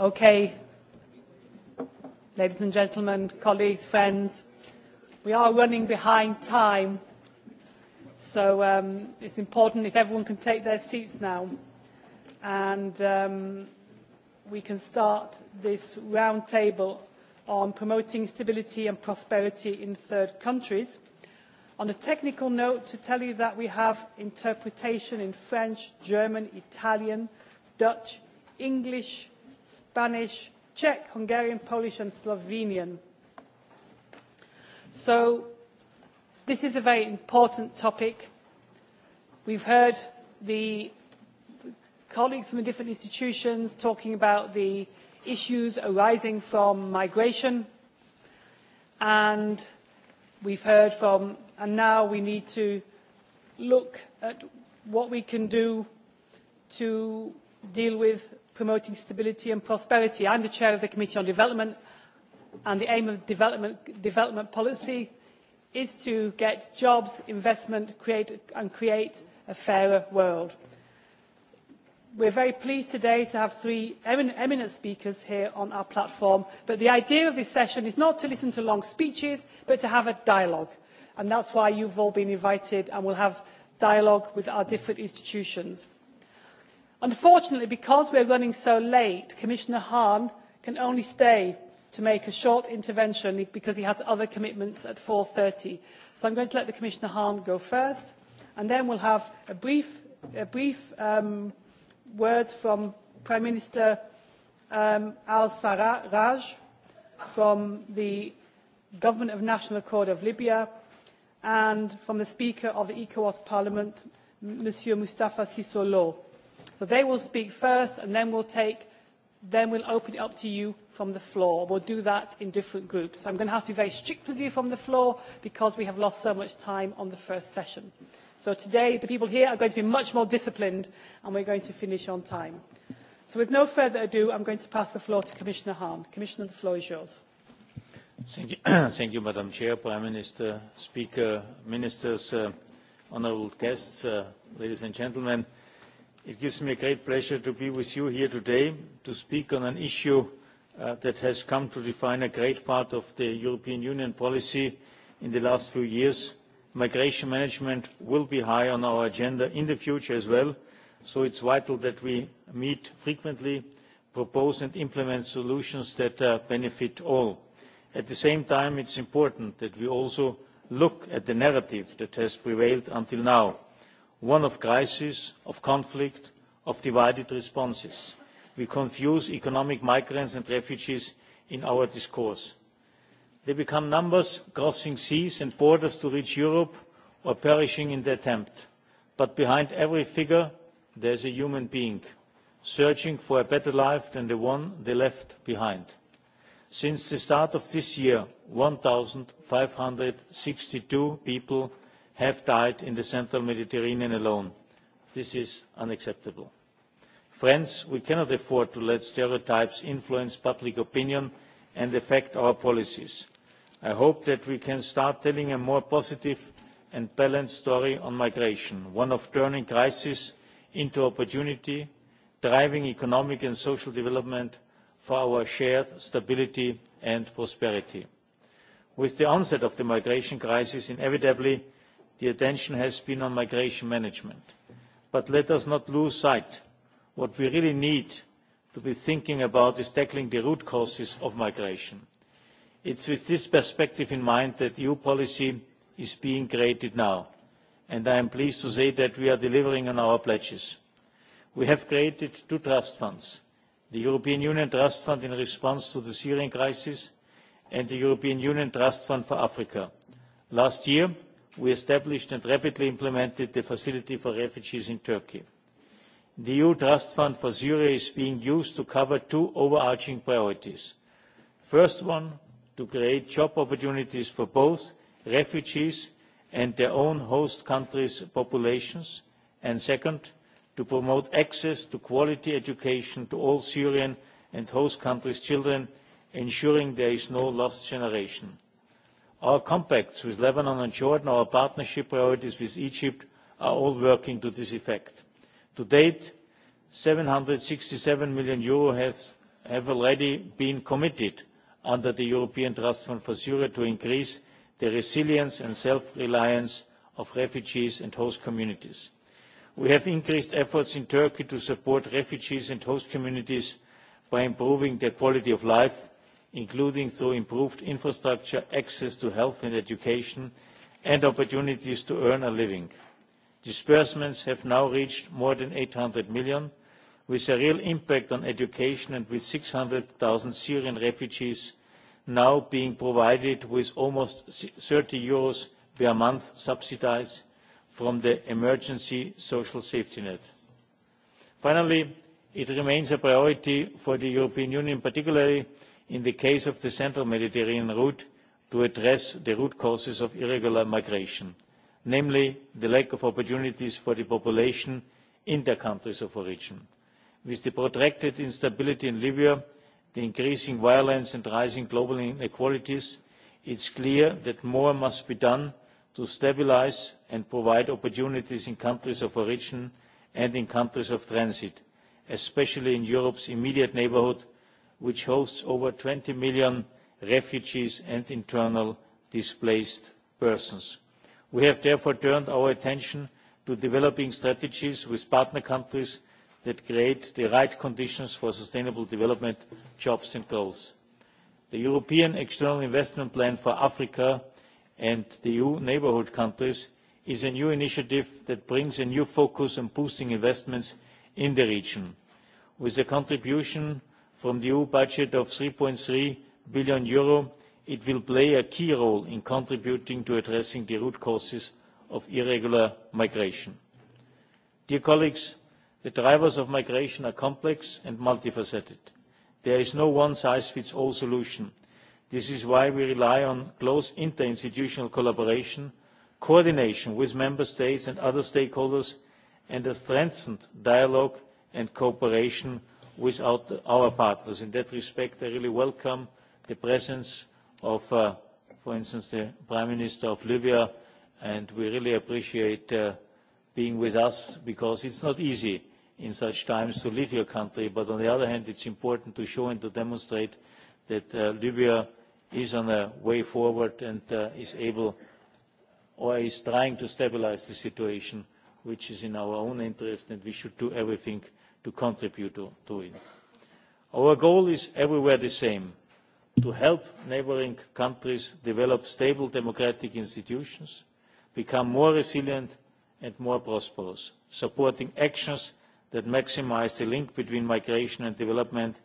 Okay, ladies and gentlemen, colleagues, friends, we are running behind time, so it's important if everyone can take their seats now and we can start this round table on promoting stability and prosperity in third countries. On a technical note, to tell you that we have interpretation in French, German, Italian, Dutch, English, Spanish, Czech, Hungarian, Polish and Slovenian. So this is a very important topic. We've heard the colleagues from the different institutions talking about the issues arising from migration and we've heard from and now we need to look at what we can do to deal with promoting stability and prosperity. I am the chair of the Committee on Development and the aim of development policy is to get jobs, investment and create a fairer world. We are very pleased today to have three eminent speakers here on our platform, but the idea of this session is not to listen to long speeches but to have a dialogue and that is why you have all been invited and we'll will have dialogue with our different institutions unfortunately because we are running so late commissioner hahn can only stay to make a short intervention because he has other commitments at. 4.30. so I'm going to let the commissioner hahn go first and then we'll have a brief words from prime minister al sarraj from the government of national accord of libya and from the speaker of the ecowas parliament Monsieur mustafa sissolo So they will speak first and then we'll take then we'll open it up to you from the floor. We'll do that in different groups. I'm going to have to be very strict with you from the floor because we have lost so much time on the first session. So today the people here are going to be much more disciplined and we're going to finish on time. So with no further ado, I'm going to pass the floor to Commissioner Hahn. Commissioner, the floor is yours. Thank you, Madam Chair, Prime Minister, Speaker, Ministers, honourable guests, ladies and gentlemen. It gives me a great pleasure to be with you here today to speak on an issue that has come to define a great part of the European Union policy in the last few years. Migration management will be high on our agenda in the future as well, so it is vital that we meet frequently, propose and implement solutions that benefit all. At the same time, it is important that we also look at the narrative that has prevailed until now one of crisis, of conflict, of divided responses. We confuse economic migrants and refugees in our discourse. They become numbers crossing seas and borders to reach Europe or perishing in the attempt. But behind every figure, there is a human being, searching for a better life than the one they left behind. Since the start of this year, 1,562 people have died in the central Mediterranean alone. This is unacceptable. Friends, we cannot afford to let stereotypes influence public opinion and affect our policies. I hope that we can start telling a more positive and balanced story on migration, one of turning crisis into opportunity, driving economic and social development for our shared stability and prosperity. With the onset of the migration crisis, inevitably The attention has been on migration management. But let us not lose sight. What we really need to be thinking about is tackling the root causes of migration. It's with this perspective in mind that EU policy is being created now, and I am pleased to say that we are delivering on our pledges. We have created two trust funds, the European Union Trust Fund in response to the Syrian crisis and the European Union Trust Fund for Africa. Last year, we established and rapidly implemented the facility for refugees in Turkey. The EU Trust Fund for Syria is being used to cover two overarching priorities. First one, to create job opportunities for both refugees and their own host countries' populations, and second, to promote access to quality education to all Syrian and host countries' children, ensuring there is no lost generation. Our compacts with Lebanon and Jordan, our partnership priorities with Egypt are all working to this effect. To date, EUR seven million have already been committed under the European Trust Fund for Syria to increase the resilience and self-reliance of refugees and host communities. We have increased efforts in Turkey to support refugees and host communities by improving their quality of life including through improved infrastructure, access to health and education, and opportunities to earn a living. Disbursements have now reached more than 800 million, with a real impact on education and with thousand Syrian refugees now being provided with almost 30 euros per month subsidised from the emergency social safety net. Finally, it remains a priority for the European Union, particularly in the case of the central Mediterranean route to address the root causes of irregular migration, namely the lack of opportunities for the population in their countries of origin. With the protracted instability in Libya, the increasing violence and rising global inequalities, it is clear that more must be done to stabilise and provide opportunities in countries of origin and in countries of transit, especially in Europe's immediate neighbourhood which hosts over 20 million refugees and internal displaced persons. We have therefore turned our attention to developing strategies with partner countries that create the right conditions for sustainable development, jobs and growth. The European External Investment Plan for Africa and the EU neighbourhood countries is a new initiative that brings a new focus on boosting investments in the region. With a contribution from the EU budget of EUR 3.3 billion it will play a key role in contributing to addressing the root causes of irregular migration. Dear colleagues, the drivers of migration are complex and multifaceted. There is no one-size-fits-all solution. This is why we rely on close interinstitutional collaboration, coordination with member states and other stakeholders, and a strengthened dialogue and cooperation without our partners. In that respect, I really welcome the presence of, for instance, the Prime Minister of Libya, and we really appreciate being with us because it's not easy in such times to leave your country, but on the other hand, it's important to show and to demonstrate that Libya is on a way forward and is able or is trying to stabilize the situation, which is in our own interest, and we should do everything to contribute to it. Our goal is everywhere the same to help neighbouring countries develop stable democratic institutions, become more resilient and more prosperous, supporting actions that maximise the link between migration and development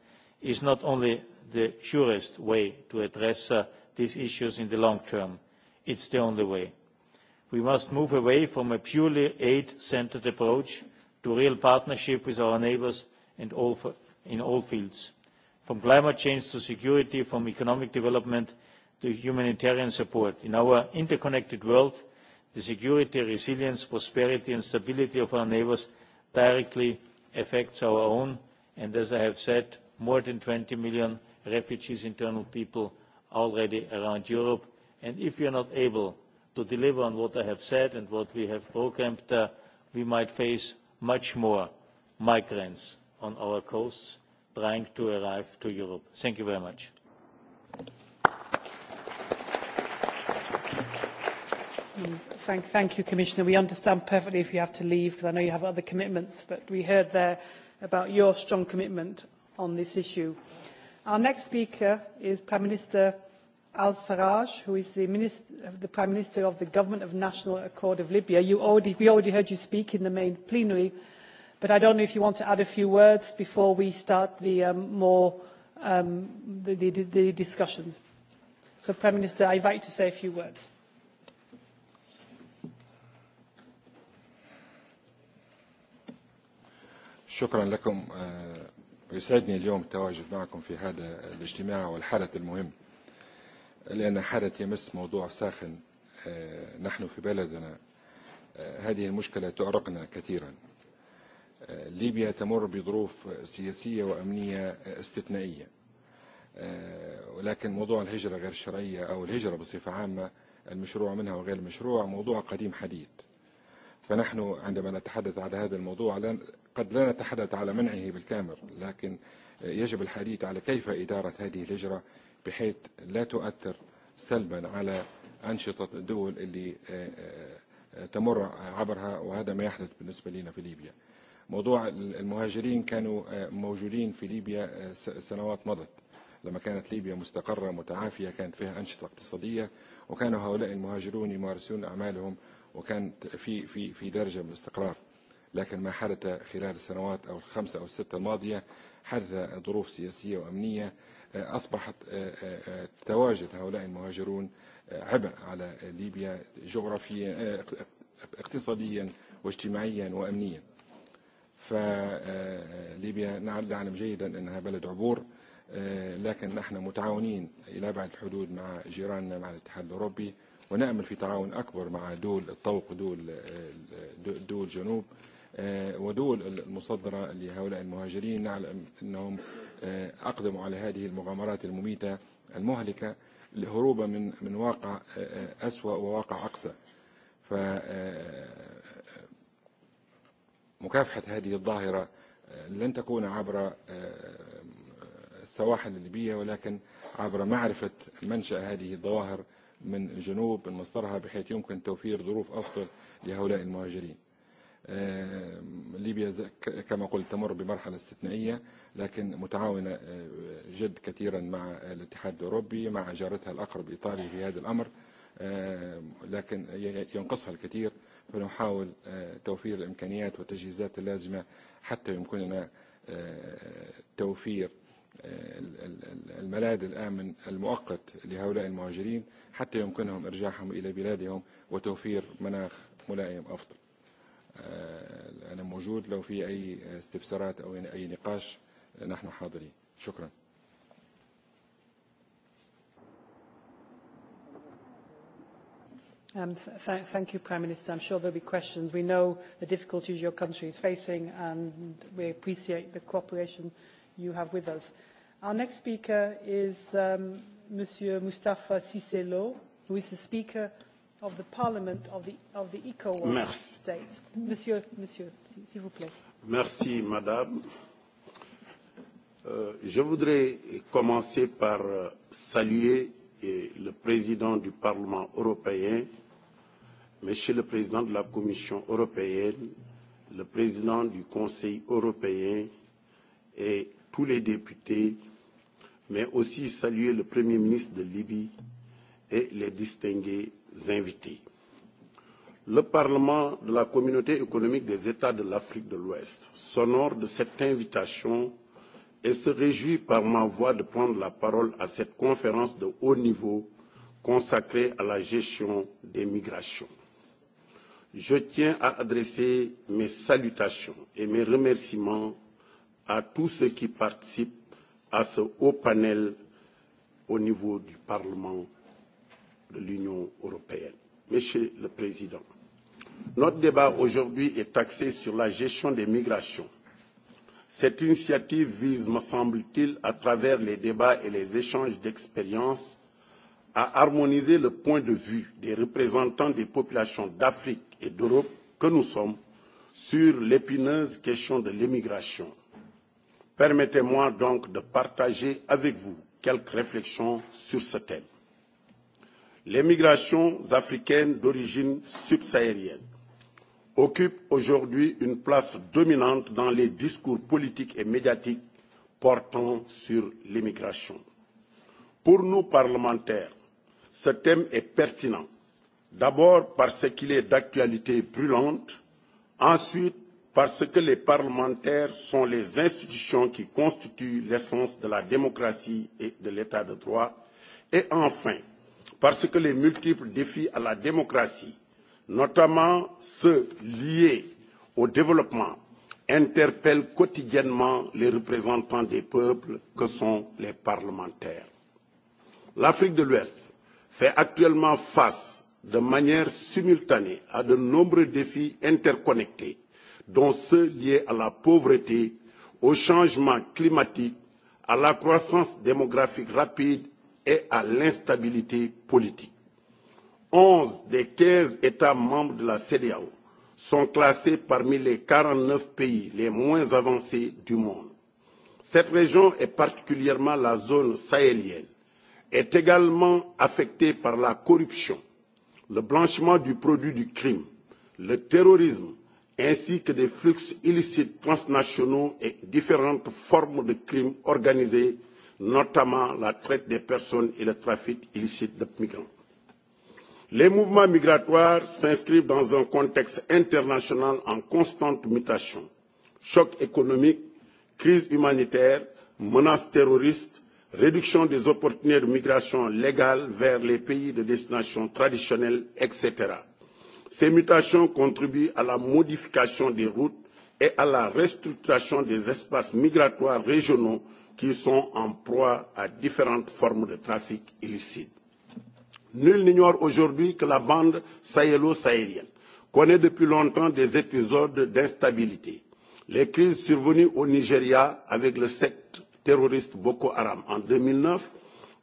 is not only the surest way to address these issues in the long term, it is the only way. We must move away from a purely aid centred approach to real partnership with our neighbours in all fields, from climate change to security, from economic development to humanitarian support. In our interconnected world, the security, resilience, prosperity and stability of our neighbours directly affects our own and, as I have said, more than 20 million refugees, internal people already around Europe. And if we are not able to deliver on what I have said and what we have programmed, we might face much more migrants on our coasts trying to arrive to Europe. Thank you very much. Thank you, Commissioner. We understand perfectly if you have to leave, because I know you have other commitments, but we heard there about your strong commitment on this issue. Our next speaker is Prime Minister al-Sarraj, who is the Prime Minister of the Government of National Accord of Libya. We already heard you speak in the main plenary, but I don't know if you want to add a few words before we start the more discussions. So, Prime Minister, I invite you to say a few words. شكرا في هذا الاجتماع المهم لأن حدث يمس موضوع ساخن نحن في بلدنا هذه المشكلة تعرقنا كثيرا ليبيا تمر بظروف سياسية وأمنية استثنائية ولكن موضوع الهجرة غير الشرعية أو الهجرة بصفة عامة المشروع منها وغير المشروع موضوع قديم حديث فنحن عندما نتحدث على هذا الموضوع قد لا نتحدث على منعه بالكامل لكن يجب الحديث على كيف إدارة هذه الهجرة بحيث لا تؤثر سلبا على أنشطة الدول اللي تمر عبرها وهذا ما يحدث بالنسبة لنا في ليبيا موضوع المهاجرين كانوا موجودين في ليبيا سنوات مضت لما كانت ليبيا مستقرة متعافية كانت فيها أنشطة اقتصادية وكان هؤلاء المهاجرون يمارسون أعمالهم وكان في في في درجة من الاستقرار لكن ما حدث خلال السنوات أو الخمسة أو الستة الماضية حدث ظروف سياسية وأمنية أصبحت تواجد هؤلاء المهاجرون عبء على ليبيا جغرافيا اقتصاديا واجتماعيا وأمنيا فليبيا نعلم جيدا أنها بلد عبور لكن نحن متعاونين إلى بعد الحدود مع جيراننا مع الاتحاد الأوروبي ونأمل في تعاون أكبر مع دول الطوق دول دول جنوب ودول المصدرة لهؤلاء المهاجرين نعلم أنهم أقدموا على هذه المغامرات المميتة المهلكة لهروبا من من واقع أسوأ وواقع أقسى ف مكافحة هذه الظاهرة لن تكون عبر السواحل الليبية ولكن عبر معرفة منشأ هذه الظواهر من الجنوب من مصدرها بحيث يمكن توفير ظروف أفضل لهؤلاء المهاجرين ليبيا كما قلت تمر بمرحلة استثنائية لكن متعاونة جد كثيرا مع الاتحاد الأوروبي مع جارتها الأقرب إيطاليا في هذا الأمر لكن ينقصها الكثير فنحاول توفير الإمكانيات والتجهيزات اللازمة حتى يمكننا توفير الملاذ الآمن المؤقت لهؤلاء المهاجرين حتى يمكنهم إرجاعهم إلى بلادهم وتوفير مناخ ملائم أفضل أنا موجود لو في أي استفسارات أو أي نقاش نحن حاضرين شكرا Thank you, Prime Minister. I'm sure there'll be questions. We know the difficulties your country is facing, and we appreciate the cooperation you have with us. Our next speaker is Monsieur Mustafa Cicelo, who is the Speaker of the Parliament of the, Monsieur, monsieur, s'il vous plaît. Merci, Madame. Je voudrais commencer par saluer le président du Parlement européen, Monsieur le président de la Commission européenne, le président du Conseil européen et tous les députés, mais aussi saluer le Premier ministre de Libye et les distingués invités. Le Parlement de la Communauté économique des États de l'Afrique de l'Ouest s'honore de cette invitation et se réjouit par ma voix de prendre la parole à cette conférence de haut niveau consacrée à la gestion des migrations. Je tiens à adresser mes salutations et mes remerciements à tous ceux qui participent à ce haut panel au niveau du Parlement de l'Union européenne. Monsieur le Président, notre débat aujourd'hui est axé sur la gestion des migrations. Cette initiative vise, me semble-t-il, à travers les débats et les échanges d'expériences, à harmoniser le point de vue des représentants des populations d'Afrique et d'Europe que nous sommes sur l'épineuse question de l'immigration. Permettez-moi donc de partager avec vous quelques réflexions sur ce thème les migrations africaines d'origine subsaharienne occupent aujourd'hui une place dominante dans les discours politiques et médiatiques portant sur l'immigration. Pour nous, parlementaires, ce thème est pertinent, d'abord parce qu'il est d'actualité brûlante, ensuite parce que les parlementaires sont les institutions qui constituent l'essence de la démocratie et de l'état de droit, et enfin parce que les multiples défis à la démocratie, notamment ceux liés au développement, interpellent quotidiennement les représentants des peuples que sont les parlementaires. L'Afrique de l'Ouest fait actuellement face de manière simultanée à de nombreux défis interconnectés, dont ceux liés à la pauvreté, au changement climatique, à la croissance démographique rapide et à l'instabilité politique. Onze des quinze États membres de la CEDEAO sont classés parmi les 49 pays les moins avancés du monde. Cette région, et particulièrement la zone sahélienne, est également affectée par la corruption, le blanchiment du produit du crime, le terrorisme, ainsi que des flux illicites transnationaux et différentes formes de crimes organisés notamment la traite des personnes et le trafic illicite de migrants. Les mouvements migratoires s'inscrivent dans un contexte international en constante mutation. Choc économique, crise humanitaire, menaces terroristes, réduction des opportunités de migration légale vers les pays de destination traditionnelle, etc. Ces mutations contribuent à la modification des routes et à la restructuration des espaces migratoires régionaux qui sont en proie à différentes formes de trafic illicite. Nul n'ignore aujourd'hui que la bande sahélo-sahélienne connaît depuis longtemps des épisodes d'instabilité. Les crises survenues au Nigeria avec le secte terroriste Boko Haram en 2009,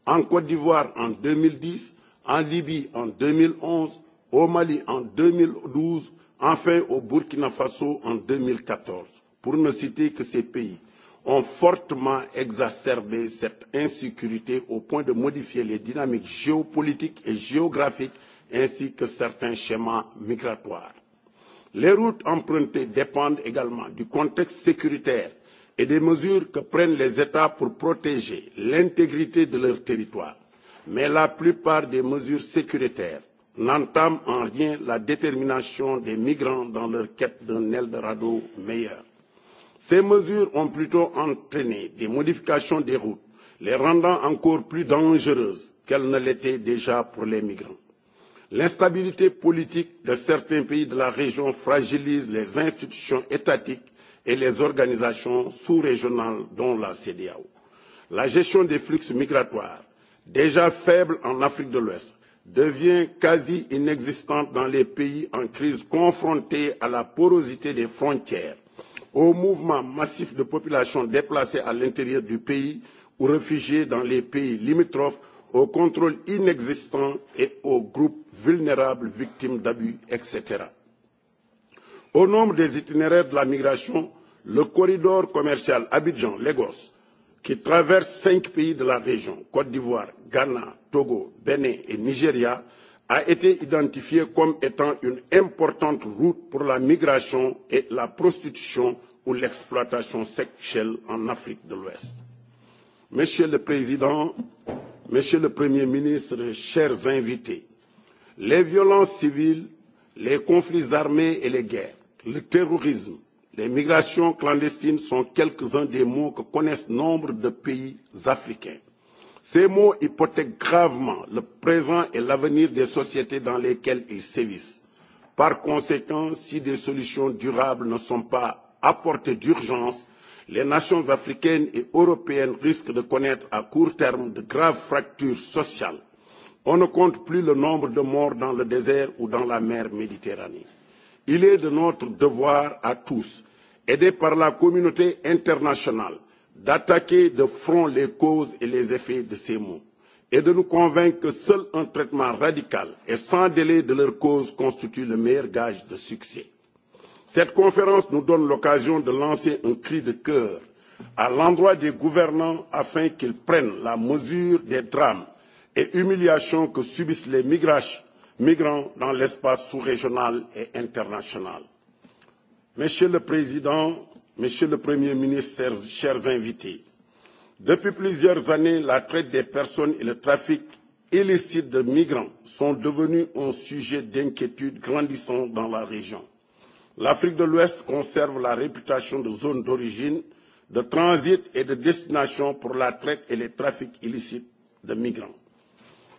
en Côte d'Ivoire en 2010, en Libye en 2011, au Mali en 2012, enfin au Burkina Faso en 2014, pour ne citer que ces pays ont fortement exacerbé cette insécurité au point de modifier les dynamiques géopolitiques et géographiques ainsi que certains schémas migratoires. Les routes empruntées dépendent également du contexte sécuritaire et des mesures que prennent les États pour protéger l'intégrité de leur territoire. Mais la plupart des mesures sécuritaires n'entament en rien la détermination des migrants dans leur quête d'un Eldorado meilleur. Ces mesures ont plutôt entraîné des modifications des routes, les rendant encore plus dangereuses qu'elles ne l'étaient déjà pour les migrants. L'instabilité politique de certains pays de la région fragilise les institutions étatiques et les organisations sous-régionales, dont la CEDEAO. La gestion des flux migratoires, déjà faible en Afrique de l'Ouest, devient quasi inexistante dans les pays en crise confrontés à la porosité des frontières au mouvement massif de populations déplacées à l'intérieur du pays ou réfugiées dans les pays limitrophes, au contrôle inexistant et aux groupes vulnérables victimes d'abus, etc. Au nombre des itinéraires de la migration, le corridor commercial Abidjan-Lagos, qui traverse cinq pays de la région, Côte d'Ivoire, Ghana, Togo, Bénin et Nigeria, a été identifié comme étant une importante route pour la migration et la prostitution ou l'exploitation sexuelle en Afrique de l'Ouest. Monsieur le Président, Monsieur le Premier ministre, chers invités, les violences civiles, les conflits armés et les guerres, le terrorisme, les migrations clandestines sont quelques-uns des mots que connaissent nombre de pays africains. Ces mots hypothèquent gravement le présent et l'avenir des sociétés dans lesquelles ils sévissent. Par conséquent, si des solutions durables ne sont pas apportées d'urgence, les nations africaines et européennes risquent de connaître à court terme de graves fractures sociales. On ne compte plus le nombre de morts dans le désert ou dans la mer Méditerranée. Il est de notre devoir à tous, aidés par la communauté internationale, d'attaquer de front les causes et les effets de ces maux et de nous convaincre que seul un traitement radical et sans délai de leurs causes constitue le meilleur gage de succès. Cette conférence nous donne l'occasion de lancer un cri de cœur à l'endroit des gouvernants afin qu'ils prennent la mesure des drames et humiliations que subissent les migrants dans l'espace sous-régional et international. Monsieur le Président, Monsieur le Premier ministre, chers invités, depuis plusieurs années, la traite des personnes et le trafic illicite de migrants sont devenus un sujet d'inquiétude grandissant dans la région. L'Afrique de l'Ouest conserve la réputation de zone d'origine, de transit et de destination pour la traite et les trafics illicites de migrants.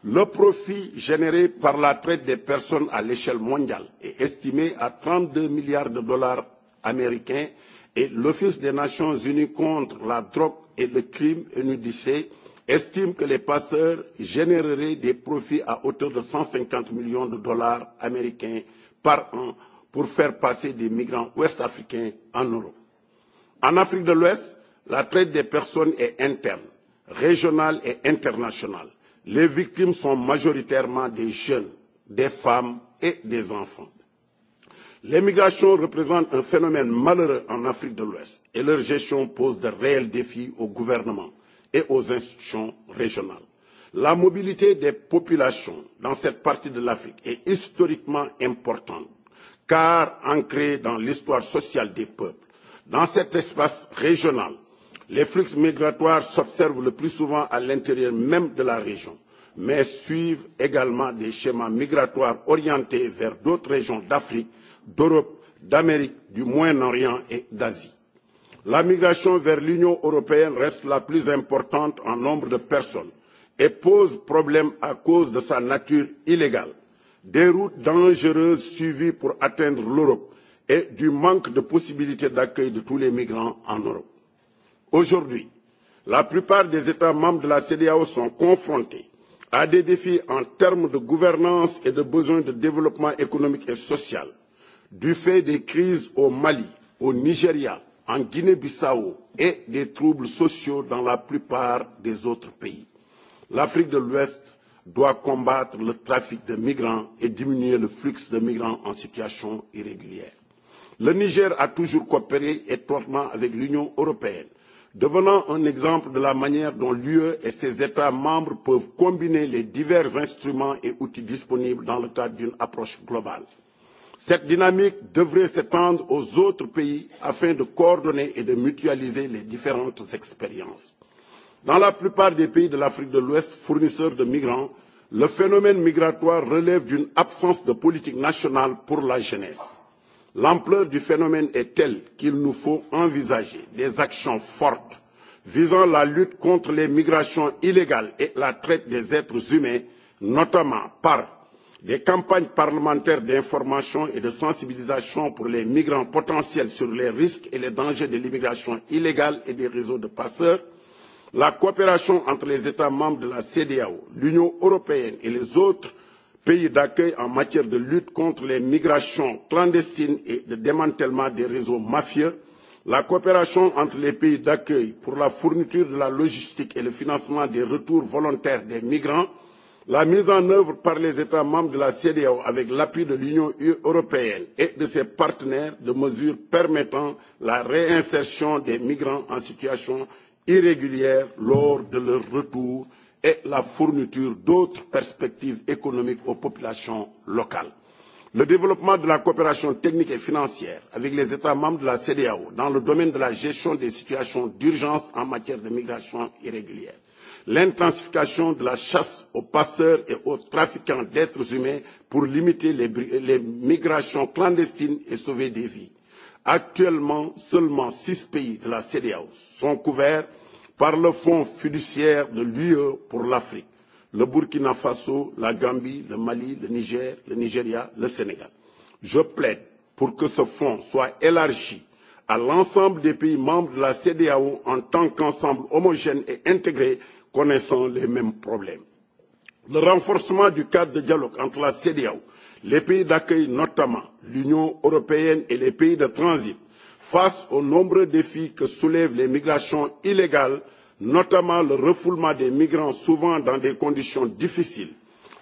Le profit généré par la traite des personnes à l'échelle mondiale est estimé à 32 milliards de dollars américains et l'Office des Nations Unies contre la drogue et le crime, UNODC, estime que les passeurs généreraient des profits à hauteur de 150 millions de dollars américains par an pour faire passer des migrants ouest-africains en Europe. En Afrique de l'Ouest, la traite des personnes est interne, régionale et internationale. Les victimes sont majoritairement des jeunes, des femmes et des enfants. Les migrations représentent un phénomène malheureux en Afrique de l'Ouest et leur gestion pose de réels défis aux gouvernements et aux institutions régionales. La mobilité des populations dans cette partie de l'Afrique est historiquement importante car ancrée dans l'histoire sociale des peuples. Dans cet espace régional, les flux migratoires s'observent le plus souvent à l'intérieur même de la région, mais suivent également des schémas migratoires orientés vers d'autres régions d'Afrique d'Europe, d'Amérique, du Moyen-Orient et d'Asie. La migration vers l'Union européenne reste la plus importante en nombre de personnes et pose problème à cause de sa nature illégale, des routes dangereuses suivies pour atteindre l'Europe et du manque de possibilités d'accueil de tous les migrants en Europe. Aujourd'hui, la plupart des États membres de la CDAO sont confrontés à des défis en termes de gouvernance et de besoins de développement économique et social du fait des crises au Mali, au Nigeria, en Guinée-Bissau et des troubles sociaux dans la plupart des autres pays. L'Afrique de l'Ouest doit combattre le trafic de migrants et diminuer le flux de migrants en situation irrégulière. Le Niger a toujours coopéré étroitement avec l'Union européenne, devenant un exemple de la manière dont l'UE et ses États membres peuvent combiner les divers instruments et outils disponibles dans le cadre d'une approche globale. Cette dynamique devrait s'étendre aux autres pays afin de coordonner et de mutualiser les différentes expériences. Dans la plupart des pays de l'Afrique de l'Ouest, fournisseurs de migrants, le phénomène migratoire relève d'une absence de politique nationale pour la jeunesse. L'ampleur du phénomène est telle qu'il nous faut envisager des actions fortes visant la lutte contre les migrations illégales et la traite des êtres humains, notamment par des campagnes parlementaires d'information et de sensibilisation pour les migrants potentiels sur les risques et les dangers de l'immigration illégale et des réseaux de passeurs, la coopération entre les États membres de la CDAO, l'Union européenne et les autres pays d'accueil en matière de lutte contre les migrations clandestines et de démantèlement des réseaux mafieux, la coopération entre les pays d'accueil pour la fourniture de la logistique et le financement des retours volontaires des migrants, La mise en œuvre par les États membres de la CEDEAO avec l'appui de l'Union européenne et de ses partenaires de mesures permettant la réinsertion des migrants en situation irrégulière lors de leur retour et la fourniture d'autres perspectives économiques aux populations locales. Le développement de la coopération technique et financière avec les États membres de la CEDEAO dans le domaine de la gestion des situations d'urgence en matière de migration irrégulière l'intensification de la chasse aux passeurs et aux trafiquants d'êtres humains pour limiter les migrations clandestines et sauver des vies. Actuellement, seulement six pays de la CEDEAO sont couverts par le Fonds fiduciaire de l'UE pour l'Afrique le Burkina Faso, la Gambie, le Mali, le Niger, le Nigeria, le Sénégal. Je plaide pour que ce fonds soit élargi à l'ensemble des pays membres de la CEDEAO en tant qu'ensemble homogène et intégré connaissant les mêmes problèmes. Le renforcement du cadre de dialogue entre la CEDEAO, les pays d'accueil notamment l'Union européenne et les pays de transit, face aux nombreux défis que soulèvent les migrations illégales, notamment le refoulement des migrants souvent dans des conditions difficiles,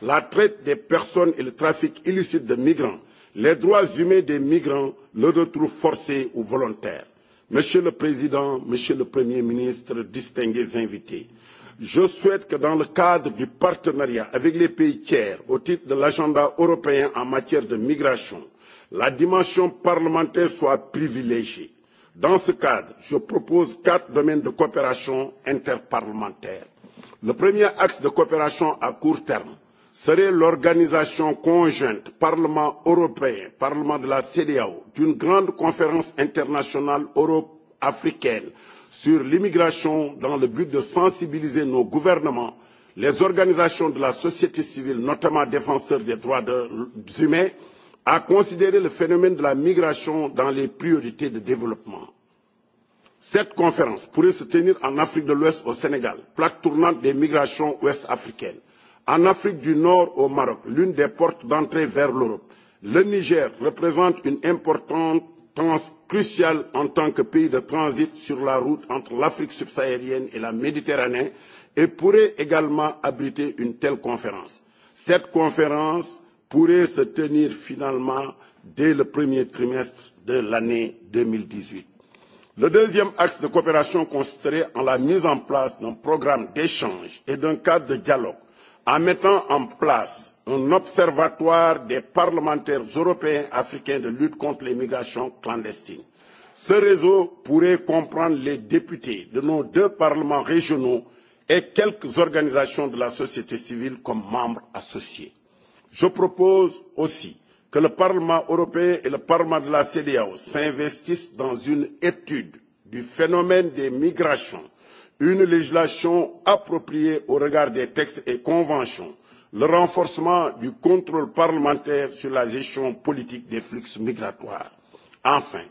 la traite des personnes et le trafic illicite de migrants, les droits humains des migrants, le retour forcé ou volontaire. Monsieur le Président, Monsieur le Premier ministre, distingués invités, je souhaite que dans le cadre du partenariat avec les pays tiers au titre de l'agenda européen en matière de migration, la dimension parlementaire soit privilégiée. Dans ce cadre, je propose quatre domaines de coopération interparlementaire. Le premier axe de coopération à court terme serait l'organisation conjointe Parlement européen, Parlement de la CEDEAO, d'une grande conférence internationale euro-africaine sur l'immigration dans le but de sensibiliser nos gouvernements, les organisations de la société civile, notamment défenseurs des droits humains, à considérer le phénomène de la migration dans les priorités de développement. Cette conférence pourrait se tenir en Afrique de l'Ouest au Sénégal, plaque tournante des migrations ouest-africaines, en Afrique du Nord au Maroc, l'une des portes d'entrée vers l'Europe. Le Niger représente une importante crucial en tant que pays de transit sur la route entre l'Afrique subsaharienne et la Méditerranée et pourrait également abriter une telle conférence. Cette conférence pourrait se tenir finalement dès le premier trimestre de l'année deux mille dix huit. Le deuxième axe de coopération consisterait en la mise en place d'un programme d'échange et d'un cadre de dialogue en mettant en place un observatoire des parlementaires européens africains de lutte contre les migrations clandestines. Ce réseau pourrait comprendre les députés de nos deux parlements régionaux et quelques organisations de la société civile comme membres associés. Je propose aussi que le Parlement européen et le Parlement de la CDAO s'investissent dans une étude du phénomène des migrations une législation appropriée au regard des textes et conventions, le renforcement du contrôle parlementaire sur la gestion politique des flux migratoires. Enfin,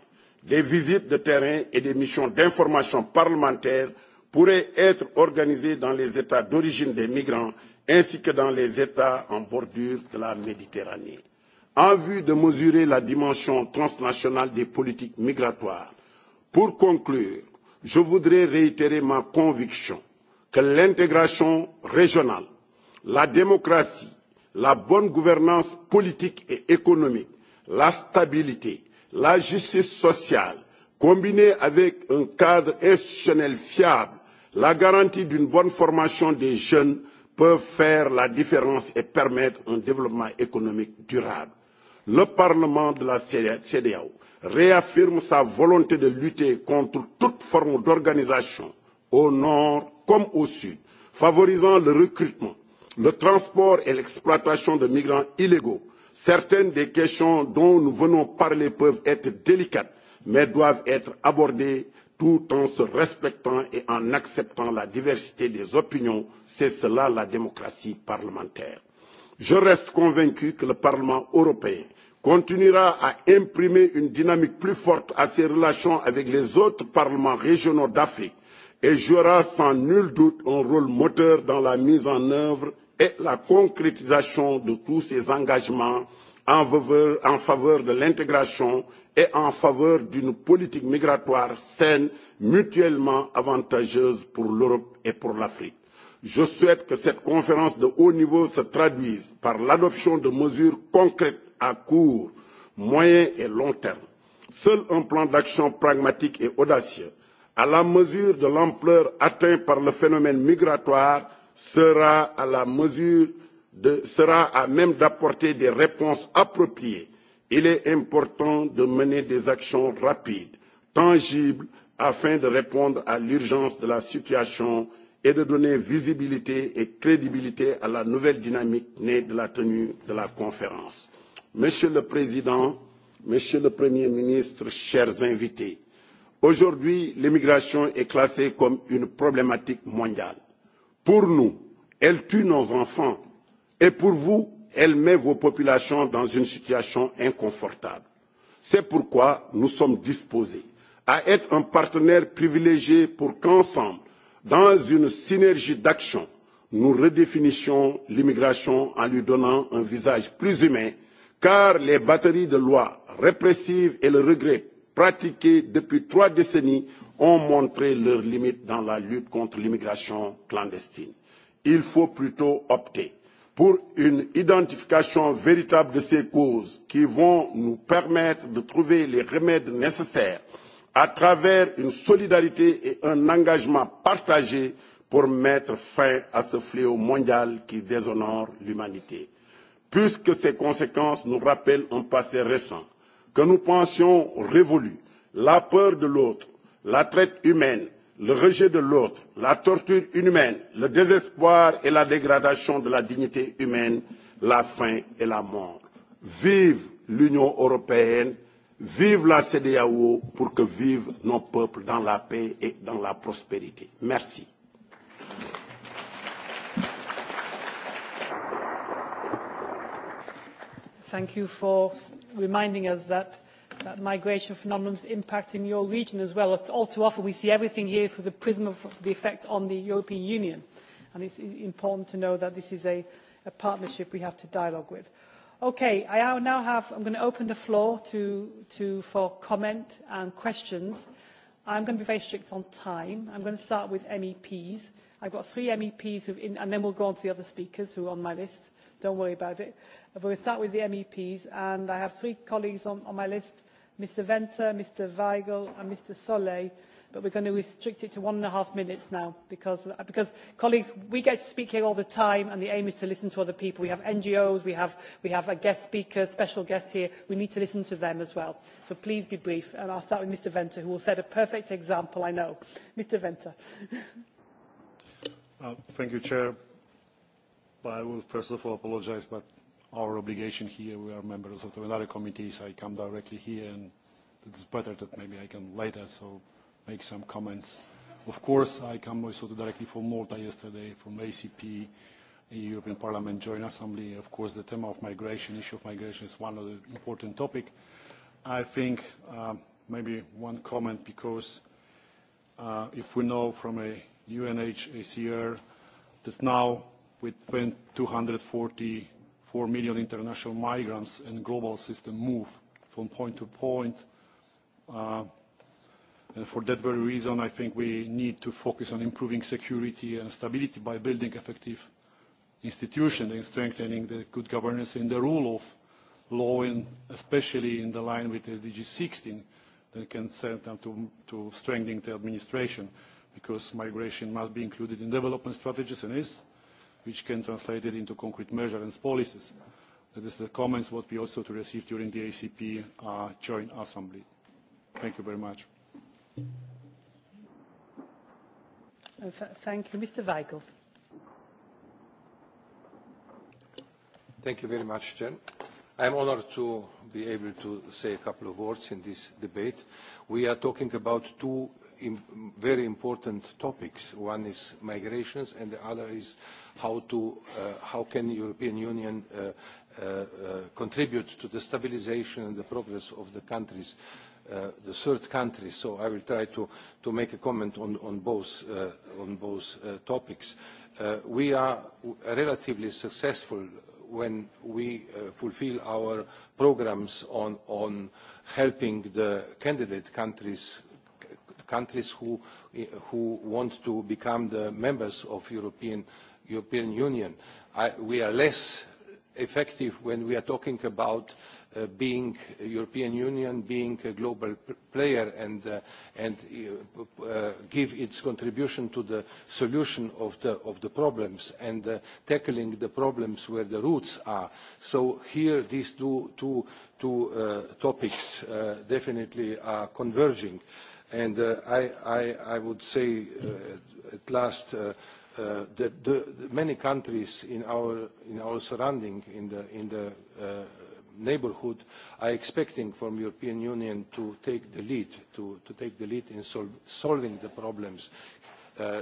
des visites de terrain et des missions d'information parlementaire pourraient être organisées dans les États d'origine des migrants ainsi que dans les États en bordure de la Méditerranée. En vue de mesurer la dimension transnationale des politiques migratoires, pour conclure, je voudrais réitérer ma conviction que l'intégration régionale, la démocratie, la bonne gouvernance politique et économique, la stabilité, la justice sociale, combinée avec un cadre institutionnel fiable, la garantie d'une bonne formation des jeunes peuvent faire la différence et permettre un développement économique durable. Le Parlement de la CEDEAO réaffirme sa volonté de lutter contre toute forme d'organisation, au nord comme au sud, favorisant le recrutement, le transport et l'exploitation de migrants illégaux. Certaines des questions dont nous venons parler peuvent être délicates, mais doivent être abordées tout en se respectant et en acceptant la diversité des opinions. C'est cela la démocratie parlementaire. Je reste convaincu que le Parlement européen continuera à imprimer une dynamique plus forte à ses relations avec les autres parlements régionaux d'Afrique et jouera sans nul doute un rôle moteur dans la mise en œuvre et la concrétisation de tous ses engagements en faveur de l'intégration et en faveur d'une politique migratoire saine, mutuellement avantageuse pour l'Europe et pour l'Afrique. Je souhaite que cette conférence de haut niveau se traduise par l'adoption de mesures concrètes à court, moyen et long terme. Seul un plan d'action pragmatique et audacieux, à la mesure de l'ampleur atteinte par le phénomène migratoire, sera à la mesure de, sera à même d'apporter des réponses appropriées. Il est important de mener des actions rapides, tangibles, afin de répondre à l'urgence de la situation et de donner visibilité et crédibilité à la nouvelle dynamique née de la tenue de la conférence. Monsieur le Président, Monsieur le Premier ministre, chers invités, aujourd'hui, l'immigration est classée comme une problématique mondiale. Pour nous, elle tue nos enfants et pour vous, elle met vos populations dans une situation inconfortable. C'est pourquoi nous sommes disposés à être un partenaire privilégié pour qu'ensemble, dans une synergie d'action, nous redéfinissions l'immigration en lui donnant un visage plus humain car les batteries de lois répressives et le regret pratiqués depuis trois décennies ont montré leurs limites dans la lutte contre l'immigration clandestine. Il faut plutôt opter pour une identification véritable de ces causes qui vont nous permettre de trouver les remèdes nécessaires à travers une solidarité et un engagement partagés pour mettre fin à ce fléau mondial qui déshonore l'humanité puisque ces conséquences nous rappellent un passé récent que nous pensions révolu, la peur de l'autre, la traite humaine, le rejet de l'autre, la torture inhumaine, le désespoir et la dégradation de la dignité humaine, la faim et la mort. Vive l'Union européenne, vive la CDAO pour que vivent nos peuples dans la paix et dans la prospérité. Merci. Thank you for reminding us that migration phenomenon is impacting your region as well. All too often we see everything here through the prism of the effect on the European Union, and it's important to know that this is a partnership we have to dialogue with. Okay, I now have, I'm going to open the floor to for comment and questions. I'm going to be very strict on time. I'm going to start with MEPs. I've got three MEPs, and then we'll go on to the other speakers who are on my list. Don't worry about it will start with the MEPs, and I have three colleagues on my list, Mr. Venter, Mr. Weigel, and Mr. Solé, but we're going to restrict it to one and a half minutes now, because, colleagues, we get to speak here all the time, and the aim is to listen to other people. We have NGOs, we have, a guest speaker, special guests here. We need to listen to them as well. So please be brief, and I'll start with Mr. Venter, who will set a perfect example, I know. Mr. Venter. Thank you, Chair. I will first of all apologise, but our obligation here. We are members of the other committees. I come directly here, and it's better that maybe I can later so make some comments. Of course, I come also directly from Malta yesterday, from ACP, European Parliament Joint Assembly. Of course, the theme of migration, issue of migration, is one of the important topic. I think maybe one comment because if we know from a UNHCR that now with 240 4 million international migrants and global system move from point to point. And for that very reason, I think we need to focus on improving security and stability by building effective institutions and strengthening the good governance and the rule of law, and especially in the line with SDG 16, that can send them to strengthening the administration, because migration must be included in development strategies and is which can translate it into concrete measures and policies. That is the comments that we also received during the ACP Joint Assembly. Thank you very much. Thank you. Mr. Weigel. Thank you very much, Jen. I am honored to be able to say a couple of words in this debate. We are talking about two very important topics. One is migrations and the other is how to how can the European Union contribute to the stabilization and the progress of the countries, the third countries. So I will try to to make a comment on on both on both topics. We are relatively successful when we fulfill our programs on helping the candidate countries countries who who want to become the members of European European Union. We are less effective when we are talking about being European Union, being a global player and give its contribution to the solution of the problems and tackling the problems where the roots are. So here these two topics definitely are converging. And I would say at last that many countries in our in our surrounding, in the neighborhood, are expecting from the European Union to take the lead, to take the lead in solving the problems,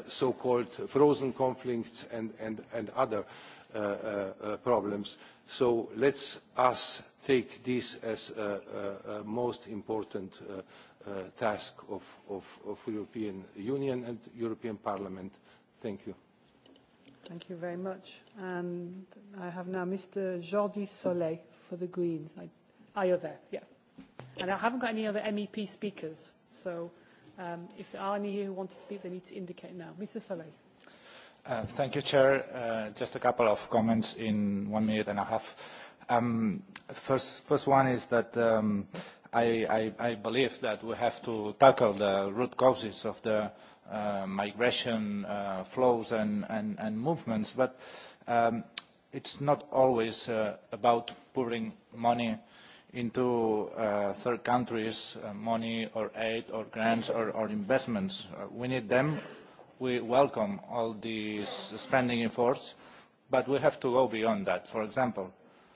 so-called frozen conflicts and and other problems. So let's us take this as a most important task of of European Union and European Parliament. Thank you. Thank you very much. And I have now Mr. Jordi Soleil for the Greens. Are you there? Yeah. And I haven't got any other MEP speakers, so if there are any here who want to speak, they need to indicate now. Mr. Soleil. Thank you, Chair. Just a couple of comments in one minute and a half. First one is that I I believe that we have to tackle the root causes of the migration flows and movements, but it's not always about pouring money into third countries, money or aid or grants or investments. We need them. We welcome all these spending efforts, but we have to go beyond that. For example,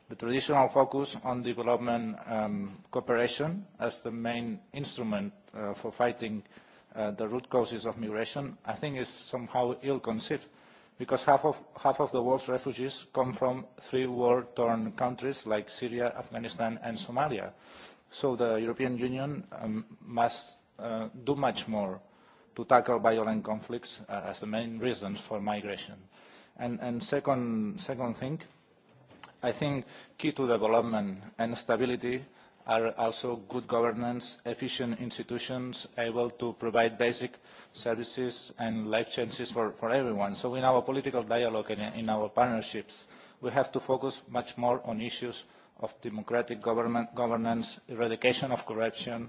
the traditional focus on development cooperation as the main instrument for fighting the root causes of migration, I think is somehow ill-conceived, because half of the world's refugees come from three war-torn countries like Syria, Afghanistan, and Somalia. So the European Union must do much more to tackle violent conflicts as the main reasons for migration. And second thing, I think key to development and stability are also good governance, efficient institutions able to provide basic services and life chances for everyone. So in our political dialogue and in our partnerships, we have to focus much more on issues of democratic governance, eradication of corruption,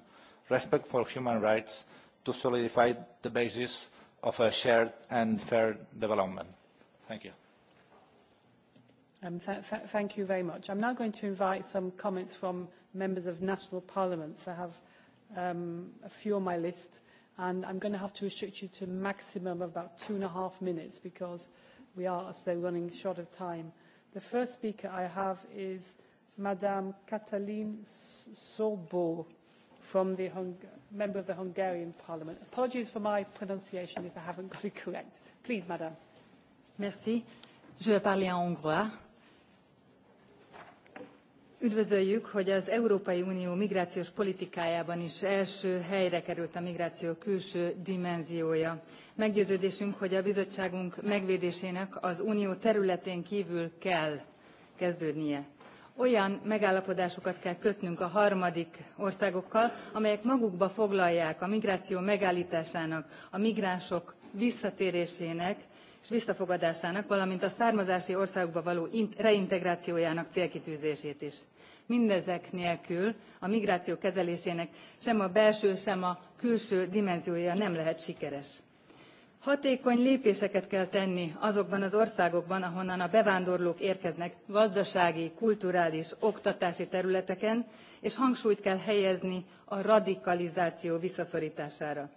respect for human rights, to solidify the basis of a shared and fair development. Thank you. Thank you very much. I'm now going to invite some comments from members of national parliaments. I have a few on my list, and I'm going to have to restrict you to a maximum of about two and a half minutes because we are, as they're running short of time. The first speaker I have is Madame Katalin Sobo, from the member of the Hungarian Parliament. Apologies for my pronunciation if I haven't got it correct. Please, Madame. Merci. Je vais parler en hongrois Üdvözöljük, hogy az Európai Unió migrációs politikájában is első helyre került a migráció külső dimenziója. Meggyőződésünk, hogy a bizottságunk megvédésének az unió területén kívül kell kezdődnie. Olyan megállapodásokat kell kötnünk a harmadik országokkal, amelyek magukba foglalják a migráció megállításának, a migránsok visszatérésének és visszafogadásának, valamint a származási országokba való reintegrációjának célkitűzését is mindezek nélkül a migráció kezelésének sem a belső, sem a külső dimenziója nem lehet sikeres. Hatékony lépéseket kell tenni azokban az országokban, ahonnan a bevándorlók érkeznek gazdasági, kulturális, oktatási területeken, és hangsúlyt kell helyezni a radikalizáció visszaszorítására.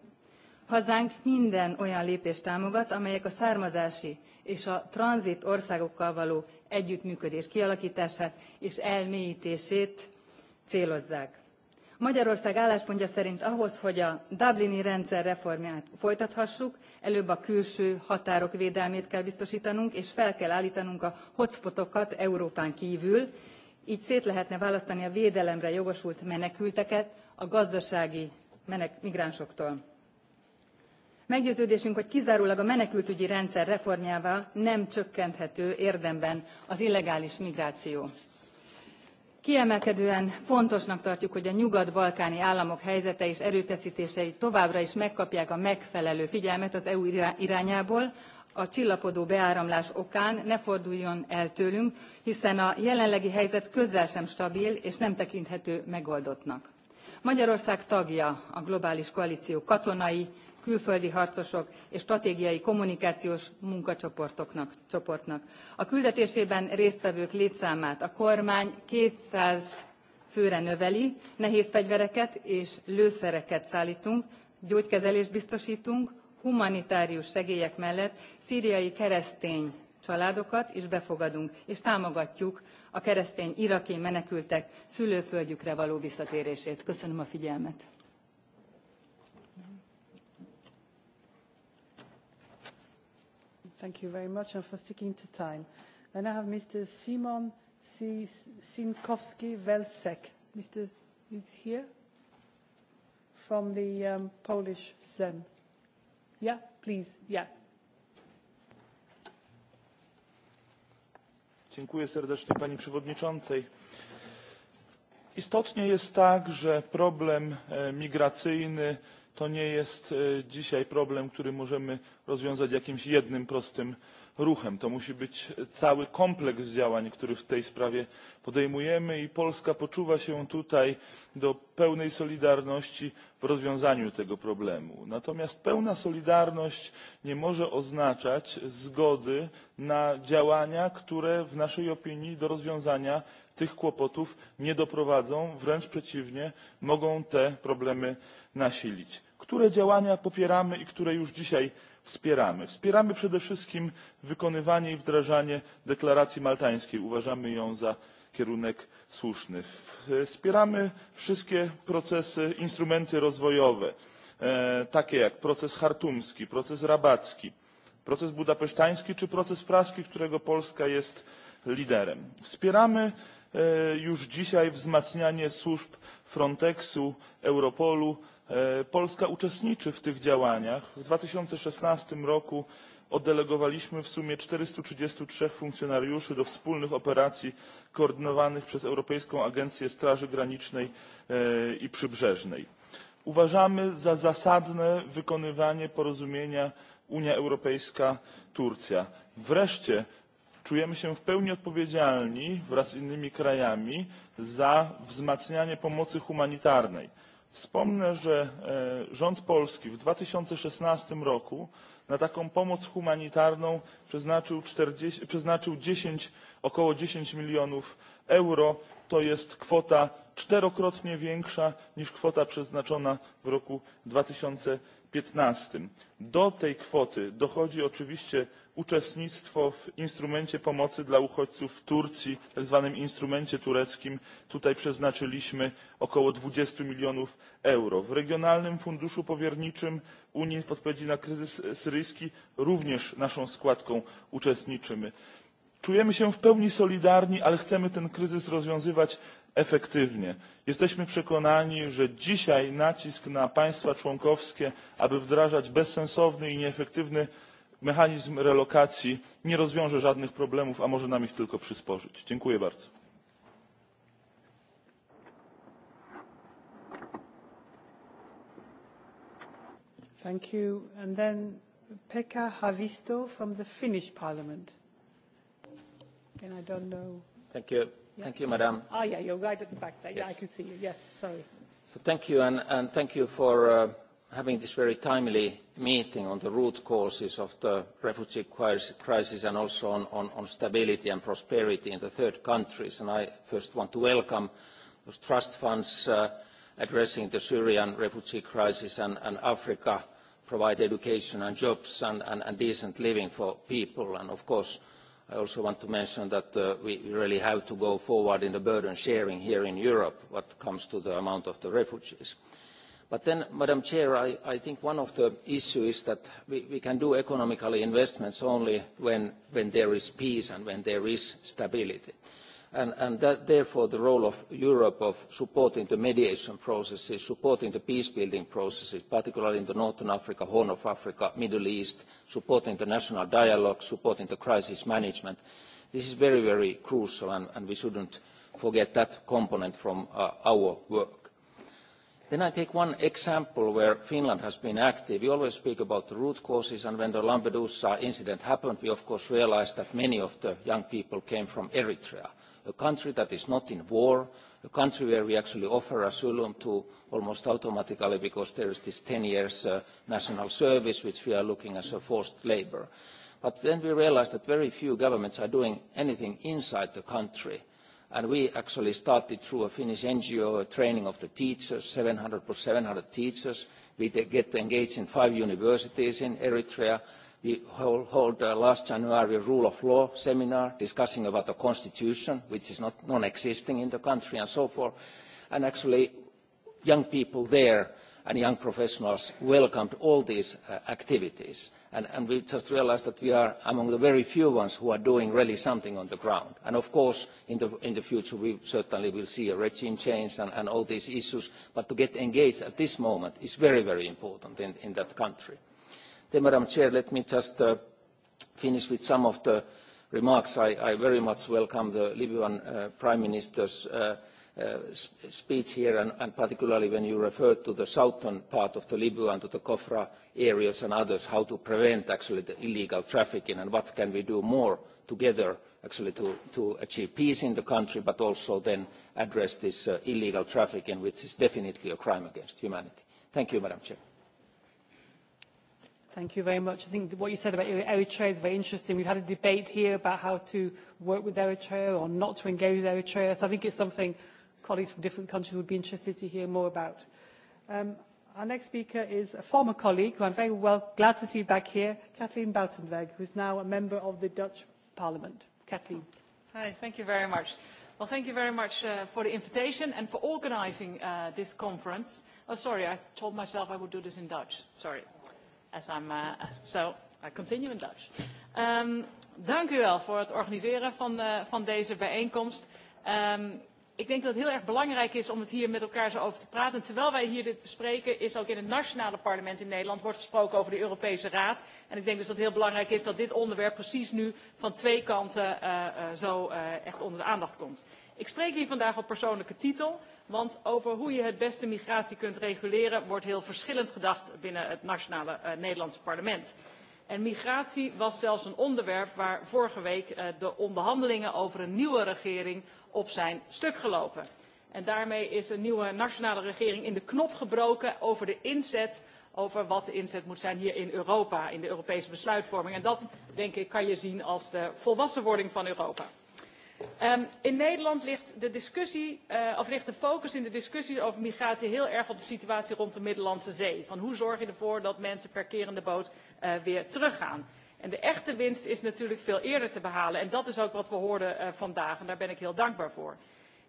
Hazánk minden olyan lépést támogat, amelyek a származási és a tranzit országokkal való együttműködés kialakítását és elmélyítését célozzák. Magyarország álláspontja szerint ahhoz, hogy a Dublini rendszer reformját folytathassuk, előbb a külső határok védelmét kell biztosítanunk, és fel kell állítanunk a hotspotokat Európán kívül, így szét lehetne választani a védelemre jogosult menekülteket a gazdasági menek migránsoktól. Meggyőződésünk, hogy kizárólag a menekültügyi rendszer reformjával nem csökkenthető érdemben az illegális migráció. Kiemelkedően fontosnak tartjuk, hogy a nyugat-balkáni államok helyzete és erőfeszítései továbbra is megkapják a megfelelő figyelmet az EU irányából, a csillapodó beáramlás okán ne forduljon el tőlünk, hiszen a jelenlegi helyzet közel sem stabil és nem tekinthető megoldottnak. Magyarország tagja a globális koalíció katonai, külföldi harcosok és stratégiai kommunikációs munkacsoportoknak. Csoportnak. A küldetésében résztvevők létszámát a kormány 200 főre növeli, nehéz fegyvereket és lőszereket szállítunk, gyógykezelést biztosítunk, humanitárius segélyek mellett szíriai keresztény családokat is befogadunk, és támogatjuk a keresztény iraki menekültek szülőföldjükre való visszatérését. Köszönöm a figyelmet. Thank you very much and for sticking to time. And I have Mr. Simon Sinkowski-Welsek. Mr. is here from the Polish Zen. Yeah, please. Yeah. Dziękuję serdecznie Pani Przewodniczącej. Istotnie jest tak, że problem migracyjny to nie jest dzisiaj problem który możemy rozwiązać jakimś jednym prostym ruchem to musi być cały kompleks działań który w tej sprawie podejmujemy i polska poczuwa się tutaj do pełnej solidarności w rozwiązaniu tego problemu natomiast pełna solidarność nie może oznaczać zgody na działania które w naszej opinii do rozwiązania tych kłopotów nie doprowadzą wręcz przeciwnie mogą te problemy nasilić które działania popieramy i które już dzisiaj wspieramy. Wspieramy przede wszystkim wykonywanie i wdrażanie deklaracji maltańskiej. Uważamy ją za kierunek słuszny. Wspieramy wszystkie procesy, instrumenty rozwojowe, takie jak proces hartumski, proces rabacki, proces budapesztański czy proces praski, którego Polska jest liderem. Wspieramy już dzisiaj wzmacnianie służb Frontexu, Europolu, Polska uczestniczy w tych działaniach. W 2016 roku oddelegowaliśmy w sumie 433 funkcjonariuszy do wspólnych operacji koordynowanych przez Europejską Agencję Straży Granicznej i Przybrzeżnej. Uważamy za zasadne wykonywanie porozumienia Unia Europejska-Turcja. Wreszcie czujemy się w pełni odpowiedzialni wraz z innymi krajami za wzmacnianie pomocy humanitarnej Wspomnę, że rząd polski w 2016 roku na taką pomoc humanitarną przeznaczył około 10 milionów euro. To jest kwota czterokrotnie większa niż kwota przeznaczona w roku 2015. 15. Do tej kwoty dochodzi oczywiście uczestnictwo w instrumencie pomocy dla uchodźców w Turcji, tak zwanym instrumencie tureckim. Tutaj przeznaczyliśmy około 20 milionów euro. W Regionalnym Funduszu Powierniczym Unii w odpowiedzi na kryzys syryjski również naszą składką uczestniczymy. Czujemy się w pełni solidarni, ale chcemy ten kryzys rozwiązywać efektywnie. Jesteśmy przekonani, że dzisiaj nacisk na państwa członkowskie, aby wdrażać bezsensowny i nieefektywny mechanizm relokacji nie rozwiąże żadnych problemów, a może nam ich tylko przysporzyć. Dziękuję bardzo. Thank you. And then Pekka Havisto from the Finnish Parliament. I don't know. Thank you. Thank you, Madam. Ah, yeah, you're right at the back there. Yeah, I can see you. Yes, sorry. So thank you, and thank you for having this very timely meeting on the root causes of the refugee crisis and also on stability and prosperity in the third countries. And I first want to welcome those trust funds addressing the Syrian refugee crisis and Africa, provide education and jobs and decent living for people. And of course, I also want to mention that we really have to go forward in the burden sharing here in Europe when it comes to the amount of the refugees. But then, Madam Chair, I think one of the issues is that we can do economically investments only when there is peace and when there is stability and therefore the role of Europe of supporting the mediation processes, supporting the peace-building processes, particularly in the Northern Africa, Horn of Africa, the Middle East, supporting the national dialogue, supporting the crisis management. This is very, very crucial, and we should not forget that component from our work. Then I take one example where Finland has been active. We always speak about the root causes, and when the Lampedusa incident happened, we of course realized that many of the young people came from Eritrea a country that is not in war, a country where we actually offer asylum to almost automatically because there is this 10 years national service which we are looking as a forced labor. But then we realized that very few governments are doing anything inside the country. And we actually started through a Finnish NGO training of the teachers, 700 plus 700 teachers. We get engaged in five universities in Eritrea we hold last January a rule of law seminar discussing about the constitution, which is not non-existing in the country and so forth. And actually, young people there and young professionals welcomed all these activities. And we just realized that we are among the very few ones who are doing really something on the ground. And of course, in the future, we certainly will see a regime change and all these issues. But to get engaged at this moment is very, very important in that country. Madam Chair, let me just finish with some of the remarks. I very much welcome the Libyan Prime Minister's speech here, and particularly when you refer to the southern part of the Libyan, to the Kofra areas and others, how to prevent actually the illegal trafficking and what can we do more together actually to achieve peace in the country, but also then address this illegal trafficking, which is definitely a crime against humanity. Thank you, Madam Chair. Thank you very much. I think what you said about Eritrea is very interesting. We've had a debate here about how to work with Eritrea or not to engage with Eritrea. So I think it's something colleagues from different countries would be interested to hear more about. Um, our next speaker is a former colleague who I'm very well glad to see back here, Kathleen who is now a member of the Dutch Parliament. Kathleen. Hi, thank you very much. Well, thank you very much for the invitation and for organizing this conference. Oh, sorry, I told myself I would do this in Dutch. Sorry as so I continue in Dutch. Um, dank u wel voor het organiseren van, van deze bijeenkomst. Um, ik denk dat het heel erg belangrijk is om het hier met elkaar zo over te praten. terwijl wij hier dit bespreken, is ook in het nationale parlement in Nederland wordt gesproken over de Europese Raad. En ik denk dus dat het heel belangrijk is dat dit onderwerp precies nu van twee kanten uh, zo uh, echt onder de aandacht komt. Ik spreek hier vandaag op persoonlijke titel, want over hoe je het beste migratie kunt reguleren wordt heel verschillend gedacht binnen het nationale Nederlandse parlement. En migratie was zelfs een onderwerp waar vorige week de onderhandelingen over een nieuwe regering op zijn stuk gelopen. En daarmee is een nieuwe nationale regering in de knop gebroken over de inzet over wat de inzet moet zijn hier in Europa, in de Europese besluitvorming. En dat, denk ik, kan je zien als de volwassenwording van Europa in Nederland ligt de, discussie, of ligt de focus in de discussie over migratie heel erg op de situatie rond de Middellandse Zee. Van hoe zorg je ervoor dat mensen per kerende boot weer teruggaan? En de echte winst is natuurlijk veel eerder te behalen. En dat is ook wat we hoorden vandaag. En daar ben ik heel dankbaar voor.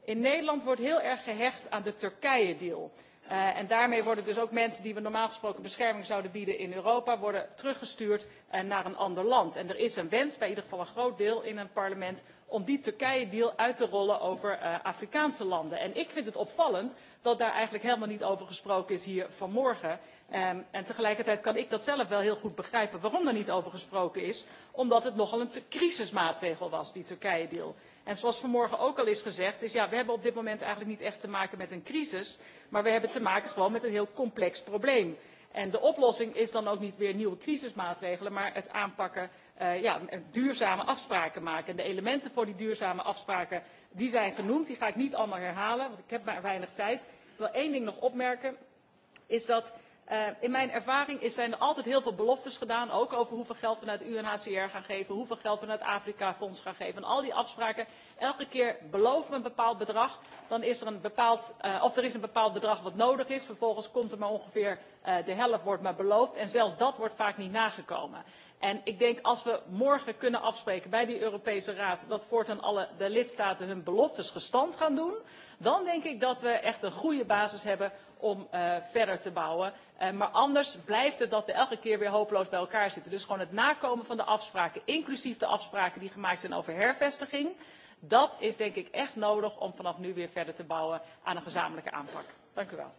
In Nederland wordt heel erg gehecht aan de Turkije-deal en daarmee worden dus ook mensen die we normaal gesproken bescherming zouden bieden in europa worden teruggestuurd naar een ander land. en er is een wens bij in ieder geval een groot deel in het parlement om die turkije deal uit te rollen over afrikaanse landen. en ik vind het opvallend dat daar eigenlijk helemaal niet over gesproken is hier vanmorgen. en tegelijkertijd kan ik dat zelf wel heel goed begrijpen waarom er niet over gesproken is omdat het nogal een crisismaatregel was die turkije deal. En zoals vanmorgen ook al is gezegd, is ja, we hebben op dit moment eigenlijk niet echt te maken met een crisis, maar we hebben te maken gewoon met een heel complex probleem. En de oplossing is dan ook niet weer nieuwe crisismaatregelen, maar het aanpakken, ja, duurzame afspraken maken. En de elementen voor die duurzame afspraken, die zijn genoemd. Die ga ik niet allemaal herhalen, want ik heb maar weinig tijd. Ik wil één ding nog opmerken, is dat in mijn ervaring zijn er altijd heel veel beloftes gedaan, ook over hoeveel geld we naar het UNHCR gaan geven, hoeveel geld we naar het Afrika-fonds gaan geven. En al die afspraken, elke keer beloven we een bepaald bedrag, dan is er een bepaald, of er is een bepaald bedrag wat nodig is. Vervolgens komt er maar ongeveer de helft wordt maar beloofd en zelfs dat wordt vaak niet nagekomen. En ik denk als we morgen kunnen afspreken bij die Europese Raad dat voortaan alle de lidstaten hun beloftes gestand gaan doen, dan denk ik dat we echt een goede basis hebben om verder te bouwen. Maar anders blijft het dat we elke keer weer hopeloos bij elkaar zitten. Dus gewoon het nakomen van de afspraken, inclusief de afspraken die gemaakt zijn over hervestiging, dat is denk ik echt nodig om vanaf nu weer verder te bouwen aan een gezamenlijke aanpak. Dank u wel.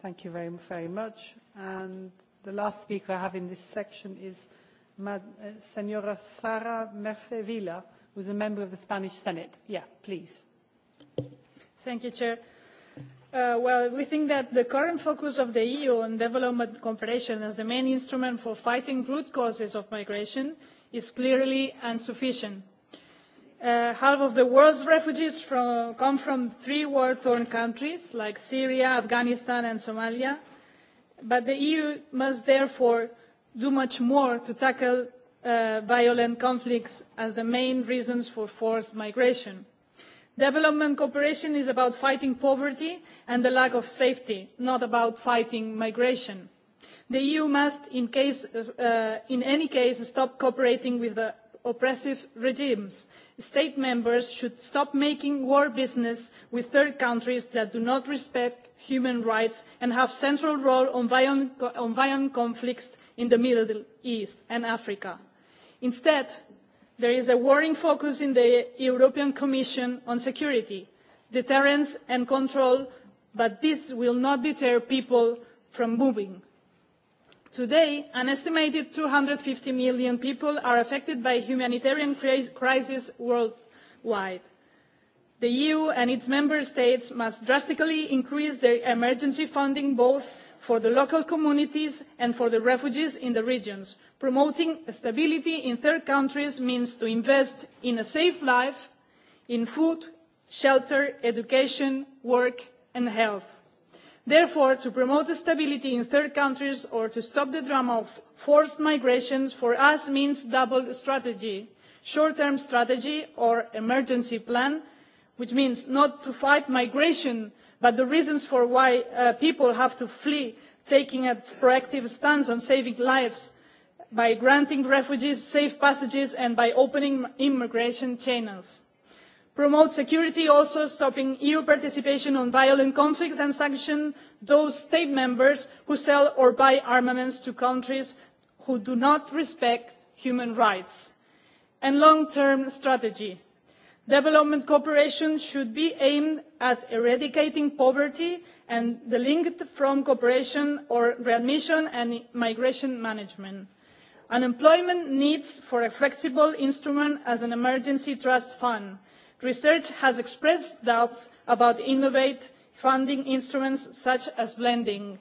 Thank you very, very much. And the last speaker I have in this section is Senora Sara Mercevilla was a member of the Spanish Senate. Yeah, please. Thank you, Chair. Well, we think that the current focus of the EU on development cooperation as the main instrument for fighting root causes of migration is clearly insufficient. Half of the world's refugees come from three war-torn countries like Syria, Afghanistan and Somalia, but the EU must therefore do much more to tackle violent conflicts as the main reasons for forced migration. Development cooperation is about fighting poverty and the lack of safety, not about fighting migration. The EU must, in any case, stop cooperating with the oppressive regimes. State members should stop making war business with third countries that do not respect human rights and have central role on violent conflicts in the Middle East and Africa. Instead, there is a worrying focus in the European Commission on security, deterrence and control, but this will not deter people from moving. Today, an estimated 250 million people are affected by humanitarian crisis worldwide. The EU and its member states must drastically increase their emergency funding both for the local communities and for the refugees in the regions, Promoting stability in third countries means to invest in a safe life, in food, shelter, education, work and health. Therefore, to promote stability in third countries or to stop the drama of forced migration for us means double strategy, short-term strategy or emergency plan, which means not to fight migration, but the reasons for why people have to flee, taking a proactive stance on saving lives by granting refugees safe passages and by opening immigration channels. Promote security also stopping EU participation on violent conflicts and sanction those state members who sell or buy armaments to countries who do not respect human rights. And long-term strategy. Development cooperation should be aimed at eradicating poverty and the from cooperation or readmission and migration management. Unemployment needs for a flexible instrument as an emergency trust fund. Research has expressed doubts about innovative funding instruments such as blending.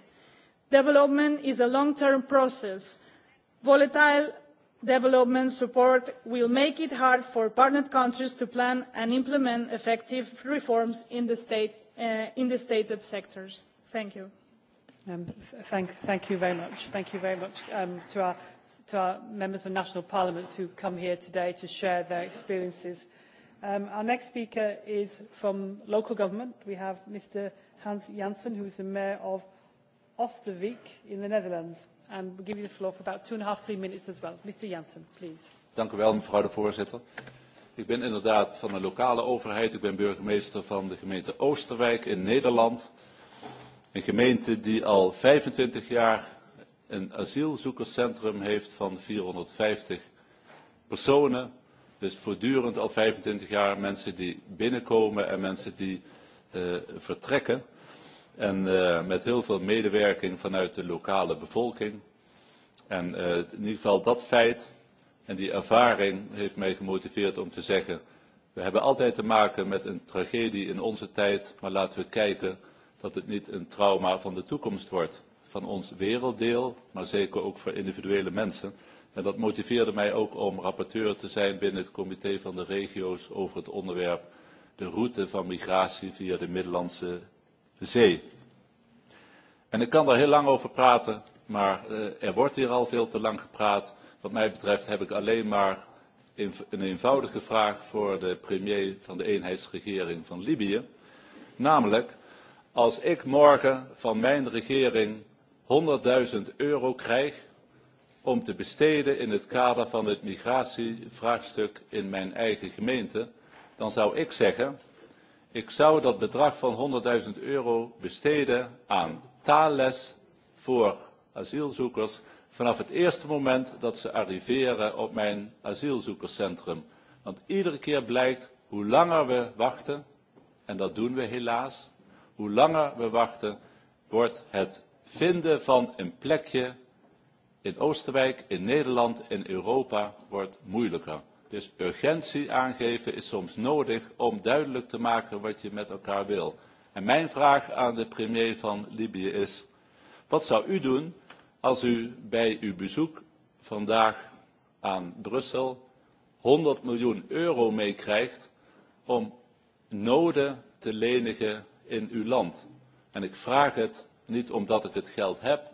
Development is a long-term process. Volatile development support will make it hard for partner countries to plan and implement effective reforms in the stated sectors. Thank you. Thank you very much. to our to our members of national parliaments who come here today to share their experiences. Our next speaker is from local government. We have Mr. Hans Janssen, who is the mayor of Osterwijk in the Netherlands. And we'll give you the floor for about two and a half, three minutes as well. Mr. Janssen, please. Dank u wel, mevrouw de voorzitter. Ik ben inderdaad van een lokale overheid. Ik ben burgemeester van de gemeente Oosterwijk in Nederland. Een gemeente die al 25 jaar een asielzoekerscentrum heeft van 450 personen. Dus voortdurend al 25 jaar mensen die binnenkomen en mensen die vertrekken. En met heel veel medewerking vanuit de lokale bevolking. En in ieder geval dat feit en die ervaring heeft mij gemotiveerd om te zeggen... We hebben altijd te maken met een tragedie in onze tijd, maar laten we kijken dat het niet een trauma van de toekomst wordt van ons werelddeel, maar zeker ook voor individuele mensen. En dat motiveerde mij ook om rapporteur te zijn binnen het comité van de regio's over het onderwerp de route van migratie via de Middellandse Zee. En ik kan daar heel lang over praten, maar er wordt hier al veel te lang gepraat. Wat mij betreft heb ik alleen maar een eenvoudige vraag voor de premier van de eenheidsregering van Libië. Namelijk, als ik morgen van mijn regering 100.000 euro krijg om te besteden in het kader van het migratievraagstuk in mijn eigen gemeente, dan zou ik zeggen, ik zou dat bedrag van 100.000 euro besteden aan taalles voor asielzoekers vanaf het eerste moment dat ze arriveren op mijn asielzoekerscentrum. Want iedere keer blijkt hoe langer we wachten, en dat doen we helaas, hoe langer we wachten wordt het vinden van een plekje in Oostenrijk, in Nederland, in Europa wordt moeilijker. Dus urgentie aangeven is soms nodig om duidelijk te maken wat je met elkaar wil. En mijn vraag aan de premier van Libië is, wat zou u doen als u bij uw bezoek vandaag aan Brussel 100 miljoen euro meekrijgt om noden te lenigen in uw land? En ik vraag het Niet omdat ik het geld heb,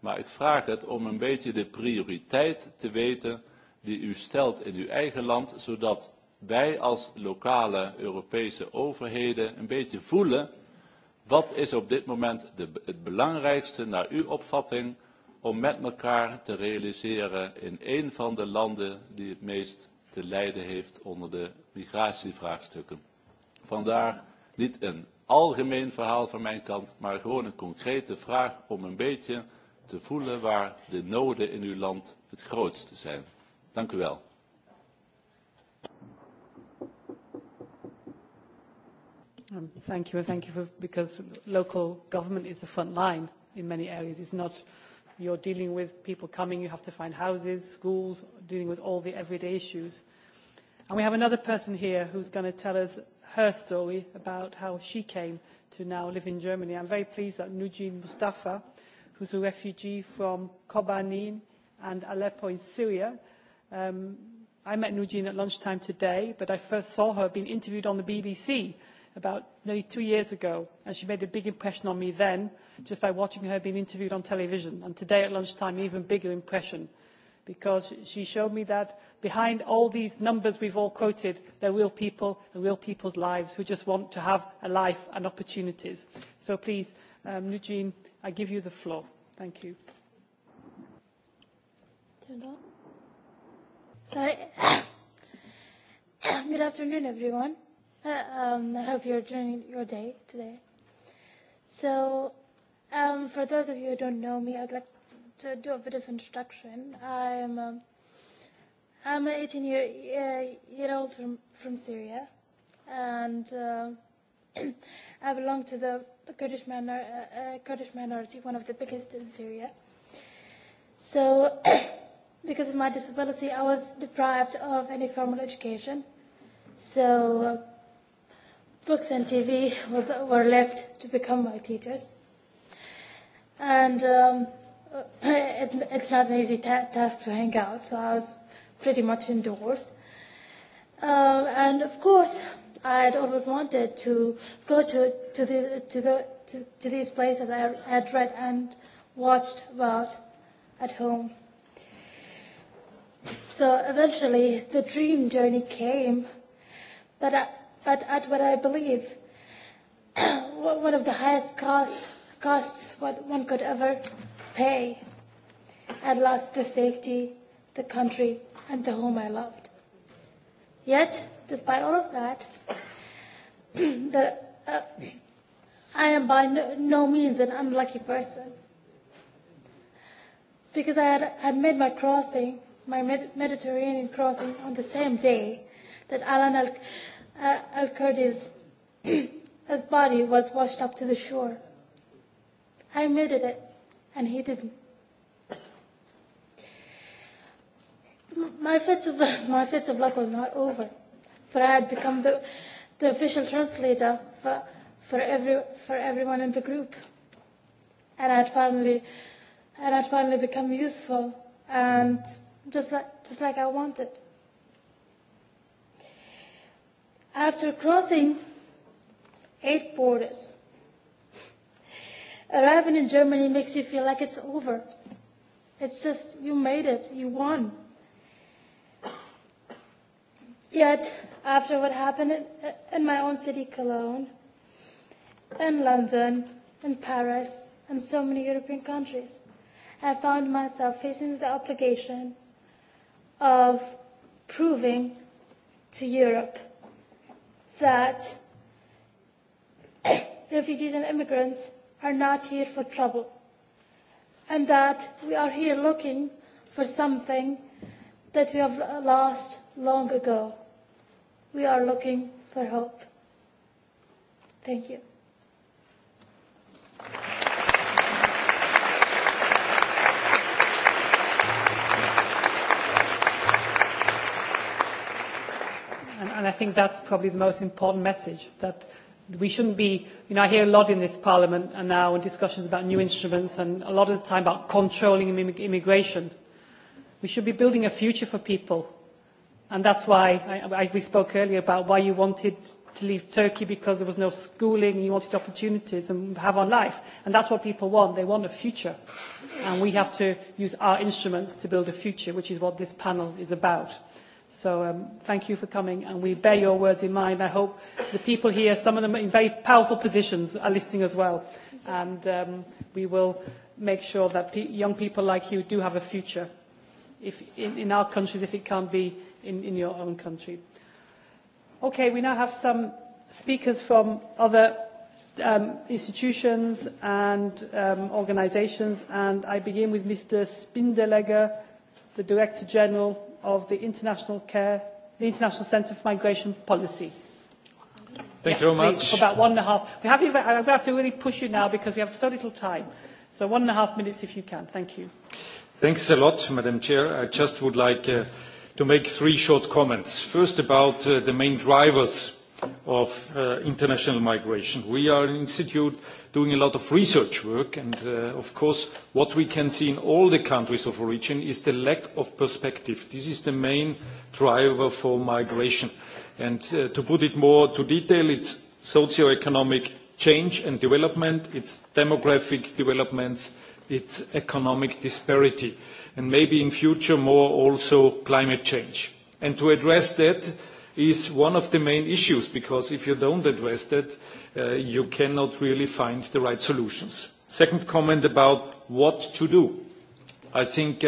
maar ik vraag het om een beetje de prioriteit te weten die u stelt in uw eigen land, zodat wij als lokale Europese overheden een beetje voelen wat is op dit moment het belangrijkste naar uw opvatting om met elkaar te realiseren in een van de landen die het meest te lijden heeft onder de migratievraagstukken. Vandaar niet een algemeen verhaal van mijn kant, maar gewoon een concrete vraag om een beetje te voelen waar de noden in uw land het grootste zijn. Dank u wel. Thank you. Thank you for, because local government is the front line in many areas. It's not you're dealing with people coming, you have to find houses, schools, dealing with all the everyday issues. And we have another person here who's going to tell us her story about how she came to now live in Germany. I'm very pleased that Nujin Mustafa, who's a refugee from Kobanin and Aleppo in Syria, I met Nujin at lunchtime today, but I first saw her being interviewed on the BBC about nearly two years ago, and she made a big impression on me then just by watching her being interviewed on television. And today at lunchtime, even bigger impression because she showed me that behind all these numbers we've all quoted, there are real people and real people's lives who just want to have a life and opportunities. So please, Nujin, I give you the floor. Thank you. Sorry. Good afternoon, everyone. I hope you're enjoying your day today. So, um, for those of you who don't know me, I'd like to do a bit of introduction. I'm I'm an 18 year year old from from Syria, and I belong to the Kurdish minor Kurdish minority, one of the biggest in Syria. So, because of my disability, I was deprived of any formal education. So, books and TV was were left to become my teachers, and. Um, it's not an easy task to hang out, so I was pretty much indoors. And of course, I had always wanted to go to to the to the to these places I had read and watched about at home. So eventually, the dream journey came, but but at what I believe, one of the highest costs costs what one could ever pay. I'd lost the safety, the country and the home I loved. Yet, despite all of that, the, I am by no means an unlucky person. Because I had, had made my crossing, my Mediterranean crossing, on the same day that Alan al-Kurdi's his body was washed up to the shore. I made it and he didn't. My fits of my fits of luck was not over, for I had become the the official translator for for every for everyone in the group, and I had finally and I'd finally become useful and just like just like I wanted. After crossing eight borders, Arriving in Germany makes you feel like it's over. It's just, you made it, you won. Yet, after what happened in my own city, Cologne, in London, in Paris, and so many European countries, I found myself facing the obligation of proving to Europe that refugees and immigrants are not here for trouble and that we are here looking for something that we have lost long ago. We are looking for hope. Thank you. And I think that's probably the most important message, that we shouldn't be, you know, I hear a lot in this parliament and now in discussions about new instruments and a lot of the time about controlling immigration. We should be building a future for people. And that's why I, I, we spoke earlier about why you wanted to leave Turkey because there was no schooling, you wanted opportunities and have on life. And that's what people want. They want a future. And we have to use our instruments to build a future, which is what this panel is about. So thank you for coming, and we bear your words in mind. I hope the people here, some of them in very powerful positions, are listening as well. And we will make sure that young people like you do have a future if in our countries if it can't be in your own country. Okay, we now have some speakers from other institutions and organisations, and I begin with Mr. Spindelegger, the Director General of the International Care, the International Centre for Migration Policy. Thank you very much. About one and a half. We have, I'm going to have to really push you now because we have so little time. So one and a half minutes if you can. Thank you. Thanks a lot, Madam Chair. I just would like to make three short comments. First, about the main drivers of international migration. We are an institute doing a lot of research work, and of course what we can see in all the countries of origin is the lack of perspective. This is the main driver for migration. And to put it more to detail, it's socio-economic change and development, it's demographic developments, it's economic disparity, and maybe in future more also climate change. And to address that, is one of the main issues because if you don't address that, you cannot really find the right solutions. Second comment about what to do. I think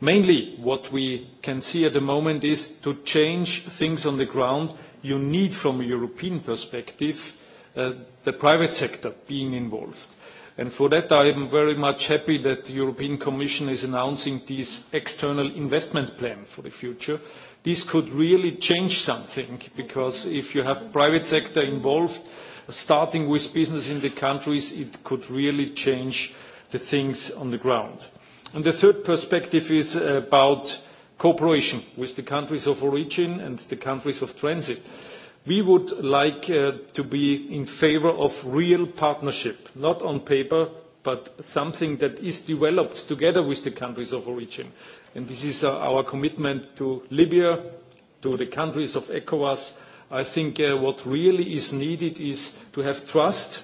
mainly what we can see at the moment is to change things on the ground. You need, from a European perspective, the private sector being involved. And for that, I am very much happy that the European Commission is announcing this external investment plan for the future, this could really change something because if you have private sector involved, starting with business in the countries, it could really change the things on the ground. And the third perspective is about cooperation with the countries of origin and the countries of transit. We would like to be in favor of real partnership, not on paper, but something that is developed together with the countries of origin. And this is our commitment to Libya, to the countries of ECOWAS. I think what really is needed is to have trust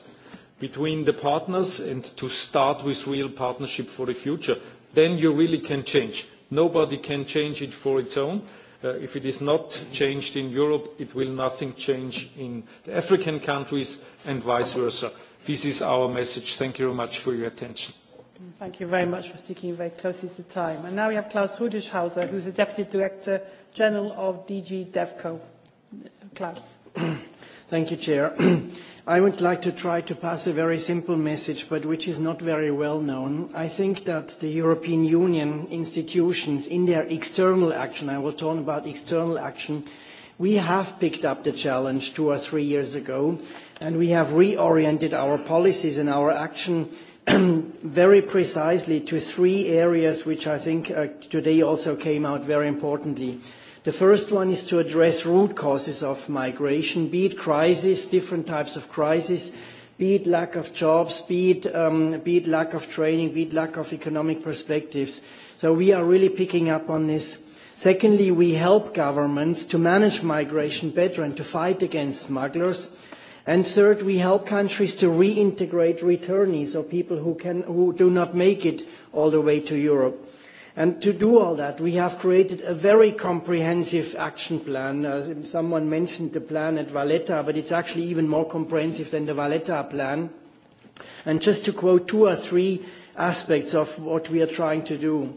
between the partners and to start with real partnership for the future. Then you really can change. Nobody can change it for its own. If it is not changed in Europe, it will nothing change in the African countries and vice versa. This is our message. Thank you very much for your attention. Thank you very much for sticking very closely to time. And now we have Klaus Rudischhauser, who is the Deputy Director General of DG DevCo. Klaus. Thank you, Chair. I would like to try to pass a very simple message, but which is not very well known. I think that the European Union institutions, in their external action, I will talk about external action, we have picked up the challenge two or three years ago and we have reoriented our policies and our action very precisely to three areas which I think today also came out very importantly. The first one is to address root causes of migration, be it crisis, different types of crisis, be it lack of jobs, be it lack of training, be it lack of economic perspectives. So we are really picking up on this. Secondly, we help governments to manage migration better and to fight against smugglers. And third, we help countries to reintegrate returnees or people who do not make it all the way to Europe. And to do all that, we have created a very comprehensive action plan. Someone mentioned the plan at Valletta, but it's actually even more comprehensive than the Valletta plan. And just to quote two or three aspects of what we are trying to do.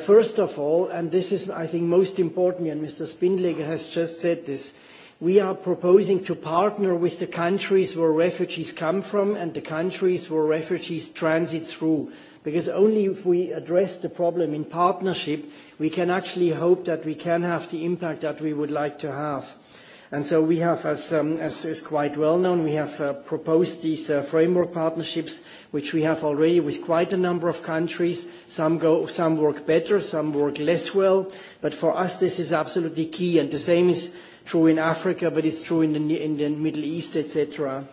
First of all, and this is, I think, most important, and Mr. Spindler has just said this, We are proposing to partner with the countries where refugees come from and the countries where refugees transit through, because only if we address the problem in partnership, we can actually hope that we can have the impact that we would like to have. And so we have, as is quite well known, we have proposed these framework partnerships, which we have already with quite a number of countries. Some go, some work better, some work less well, but for us this is absolutely key, and the same is true in Africa, but it's true in the, in the Middle East, etc.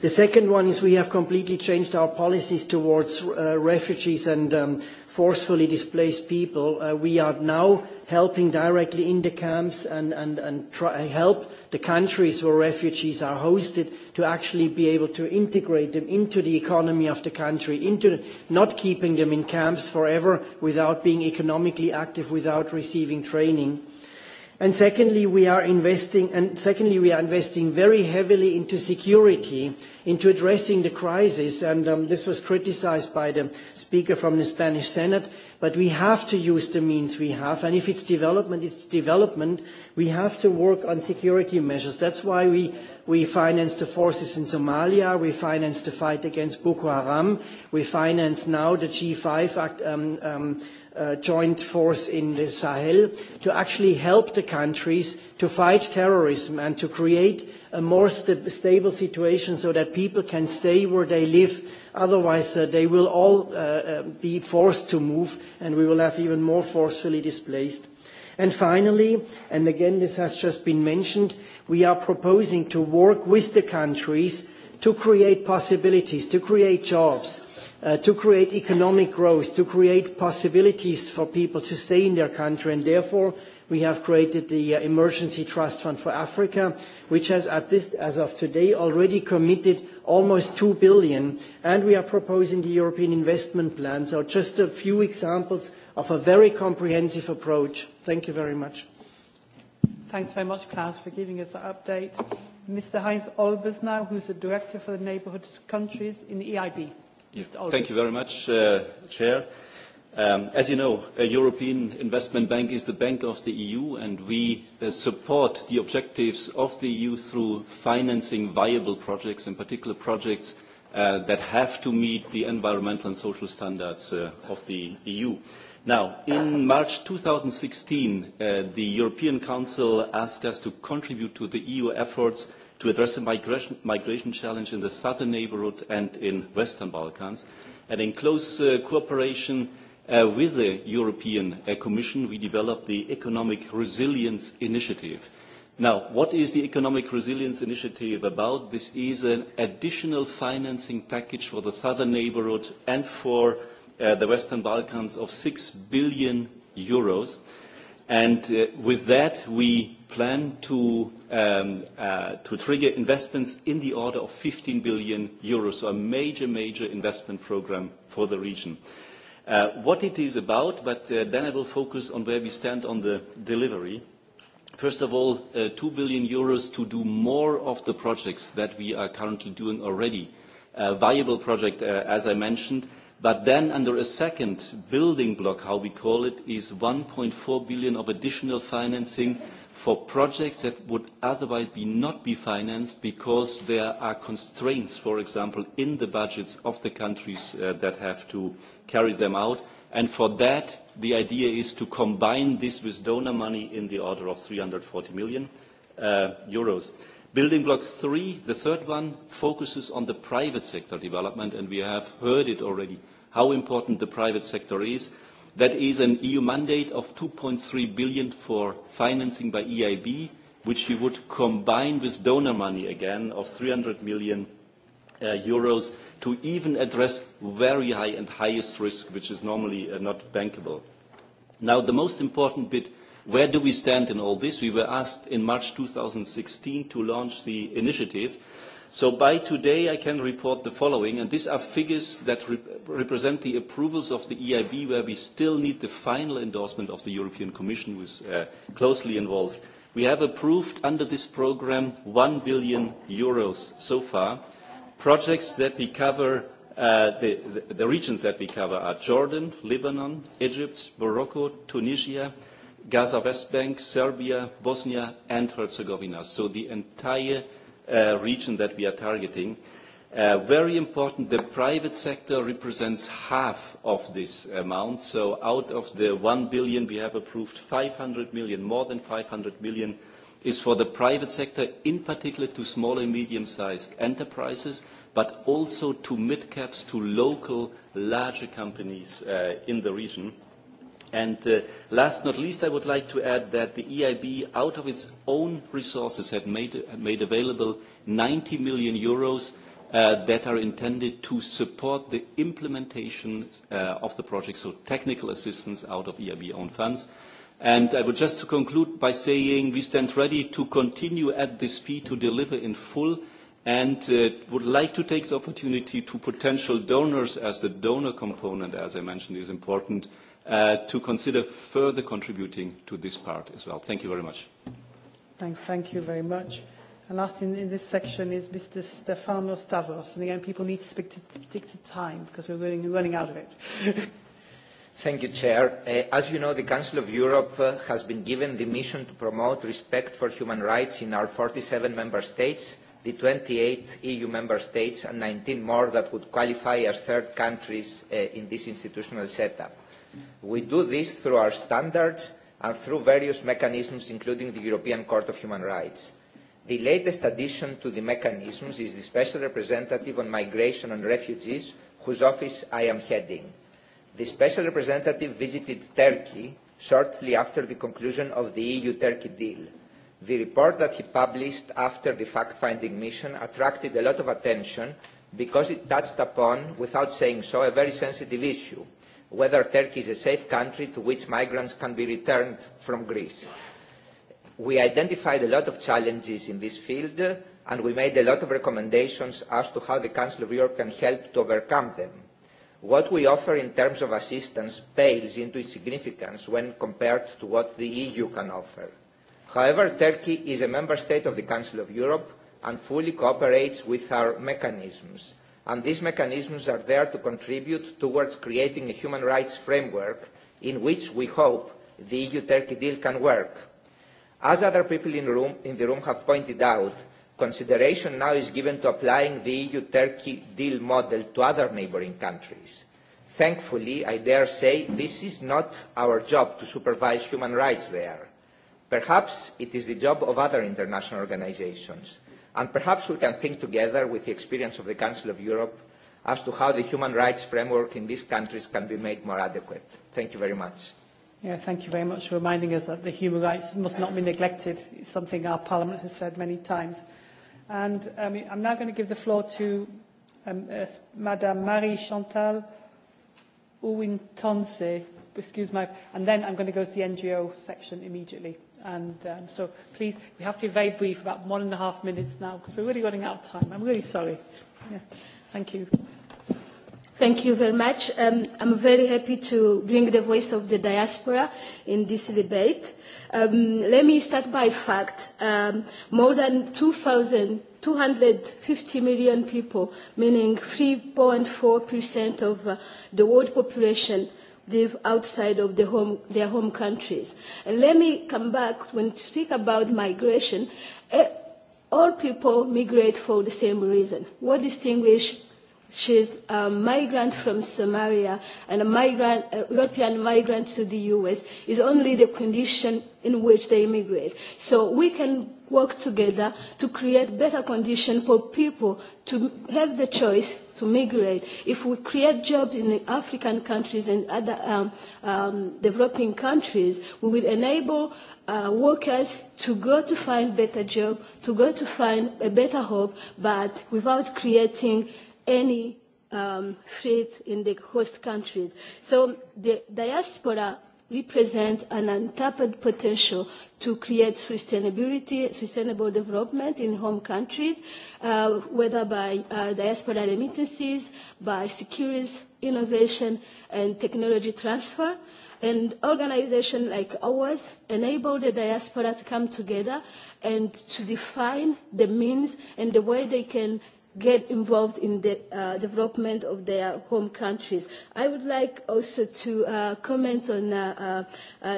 The second one is we have completely changed our policies towards refugees and forcefully displaced people. We are now helping directly in the camps and help the countries where refugees are hosted to actually be able to integrate them into the economy of the country, into not keeping them in camps forever without being economically active, without receiving training. And secondly, we are investing very heavily into security into addressing the crisis. And this was criticized by the speaker from the Spanish Senate. But we have to use the means we have. And if it's development, it's development. We have to work on security measures. That's why we we finance the forces in Somalia. We finance the fight against Boko Haram. We finance now the G5 joint force in the Sahel to actually help the countries to fight terrorism and to create a more stable situation so that people can stay where they live. Otherwise, they will all be forced to move, and we will have even more forcefully displaced. And finally, and again this has just been mentioned, we are proposing to work with the countries to create possibilities, to create jobs, to create economic growth, to create possibilities for people to stay in their country, and therefore We have created the Emergency Trust Fund for Africa, which has, as of today, already committed almost 2 billion. And we are proposing the European Investment Plan. So just a few examples of a very comprehensive approach. Thank you very much. Thanks very much, Klaus, for giving us the update. Mr. Heinz Olbers now, who's the Director for the Neighbourhood Countries in the EIB. Thank you very much, Chair. As you know, a European Investment Bank is the bank of the EU, and we support the objectives of the EU through financing viable projects, in particular projects that have to meet the environmental and social standards of the EU. Now, in March 2016, the European Council asked us to contribute to the EU efforts to address the migration challenge in the southern neighborhood and in Western Balkans. And in close cooperation With the European Commission, we developed the Economic Resilience Initiative. Now, what is the Economic Resilience Initiative about? This is an additional financing package for the southern Neighbourhood and for the Western Balkans of 6 billion euros. And with that, we plan to trigger investments in the order of 15 billion euros, so a major, major investment program for the region what it is about, but then I will focus on where we stand on the delivery. First of all, 2 billion euros to do more of the projects that we are currently doing already. a Viable project, as I mentioned, but then under a second building block, how we call it, is 1.4 billion of additional financing for projects that would otherwise not be financed because there are constraints, for example, in the budgets of the countries that have to carry them out. And for that, the idea is to combine this with donor money in the order of 340 million euros. Building block three, the third one, focuses on the private sector development, and we have heard it already how important the private sector is. That is an EU mandate of 2.3 billion for financing by EIB, which we would combine with donor money again of 300 million euros to even address very high and highest risk, which is normally not bankable. Now, the most important bit, where do we stand in all this? We were asked in March 2016 to launch the initiative So by today I can report the following, and these are figures that represent the approvals of the EIB where we still need the final endorsement of the European Commission who is closely involved. We have approved under this program 1 billion euros so far. Projects that we cover, the regions that we cover are Jordan, Lebanon, Egypt, Morocco, Tunisia. Gaza West Bank, Serbia, Bosnia and Herzegovina. So the entire region that we are targeting. Very important, the private sector represents half of this amount. So out of the 1 billion we have approved, 500 million, more than 500 million, is for the private sector, in particular to small and medium-sized enterprises, but also to mid-caps, to local larger companies in the region. And last not least, I would like to add that the EIB, out of its own resources, had made available 90 million euros that are intended to support the implementation of the project, so technical assistance out of EIB own funds. And I would just conclude by saying we stand ready to continue at this speed to deliver in full and would like to take the opportunity to potential donors as the donor component, as I mentioned, is important to consider further contributing to this part as well. Thank you very much. Thank you very much. And last in this section is Mr. Stefano Stavros. And again, people need to stick to time because we're running out of it. Thank you, Chair. As you know, the Council of Europe has been given the mission to promote respect for human rights in our 47 member states, the 28 EU member states, and 19 more that would qualify as third countries in this institutional setup. We do this through our standards and through various mechanisms, including the European Court of Human Rights. The latest addition to the mechanisms is the Special Representative on Migration and Refugees, whose office I am heading. The Special Representative visited Turkey shortly after the conclusion of the EU-Turkey deal. The report that he published after the fact-finding mission attracted a lot of attention because it touched upon, without saying so, a very sensitive issue whether Turkey is a safe country to which migrants can be returned from Greece. We identified a lot of challenges in this field and we made a lot of recommendations as to how the Council of Europe can help to overcome them. What we offer in terms of assistance pales into insignificance when compared to what the EU can offer. However, Turkey is a member state of the Council of Europe and fully cooperates with our mechanisms and these mechanisms are there to contribute towards creating a human rights framework in which we hope the EU-Turkey deal can work. As other people in the room have pointed out, consideration now is given to applying the EU-Turkey deal model to other neighbouring countries. Thankfully, I dare say, this is not our job to supervise human rights there. Perhaps it is the job of other international organisations And perhaps we can think together with the experience of the Council of Europe as to how the human rights framework in these countries can be made more adequate. Thank you very much. Yeah, thank you very much for reminding us that the human rights must not be neglected. It's something our Parliament has said many times. And um, I'm now going to give the floor to Madame Marie Chantal Ouintonse, excuse and then I'm going to go to the NGO section immediately. And um, so please, we have to be very brief, about one and a half minutes now, because we're really running out of time. I'm really sorry. Thank you. Thank you very much. Um, I'm very happy to bring the voice of the diaspora in this debate. Um, let me start by fact. Um, more than 2,250 million people, meaning 3.4% of the world population, live outside of the home, their home countries. And let me come back when you speak about migration. All people migrate for the same reason. What distinguishes a migrant from Somalia and a migrant, a European migrant to the U.S. is only the condition in which they immigrate. So we can work together to create better conditions for people to have the choice to migrate. If we create jobs in African countries and other developing countries, we will enable workers to go to find better jobs, to go to find a better hope, but without creating any threats in the host countries. So the diaspora represent an untapped potential to create sustainability, sustainable development in home countries, whether by diaspora remittances, by securities, innovation and technology transfer. And organizations like ours enable the diaspora to come together and to define the means and the way they can get involved in the development of their home countries. I would like also to comment on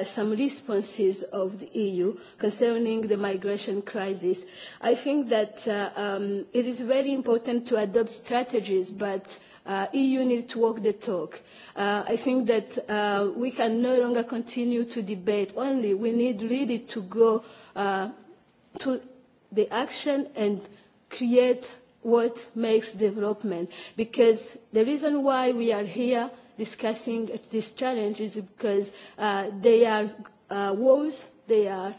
some responses of the EU concerning the migration crisis. I think that it is very important to adopt strategies, but EU need to walk the talk. I think that we can no longer continue to debate only. We need really to go to the action and create what makes development. Because the reason why we are here discussing this challenge is because they are wars, they are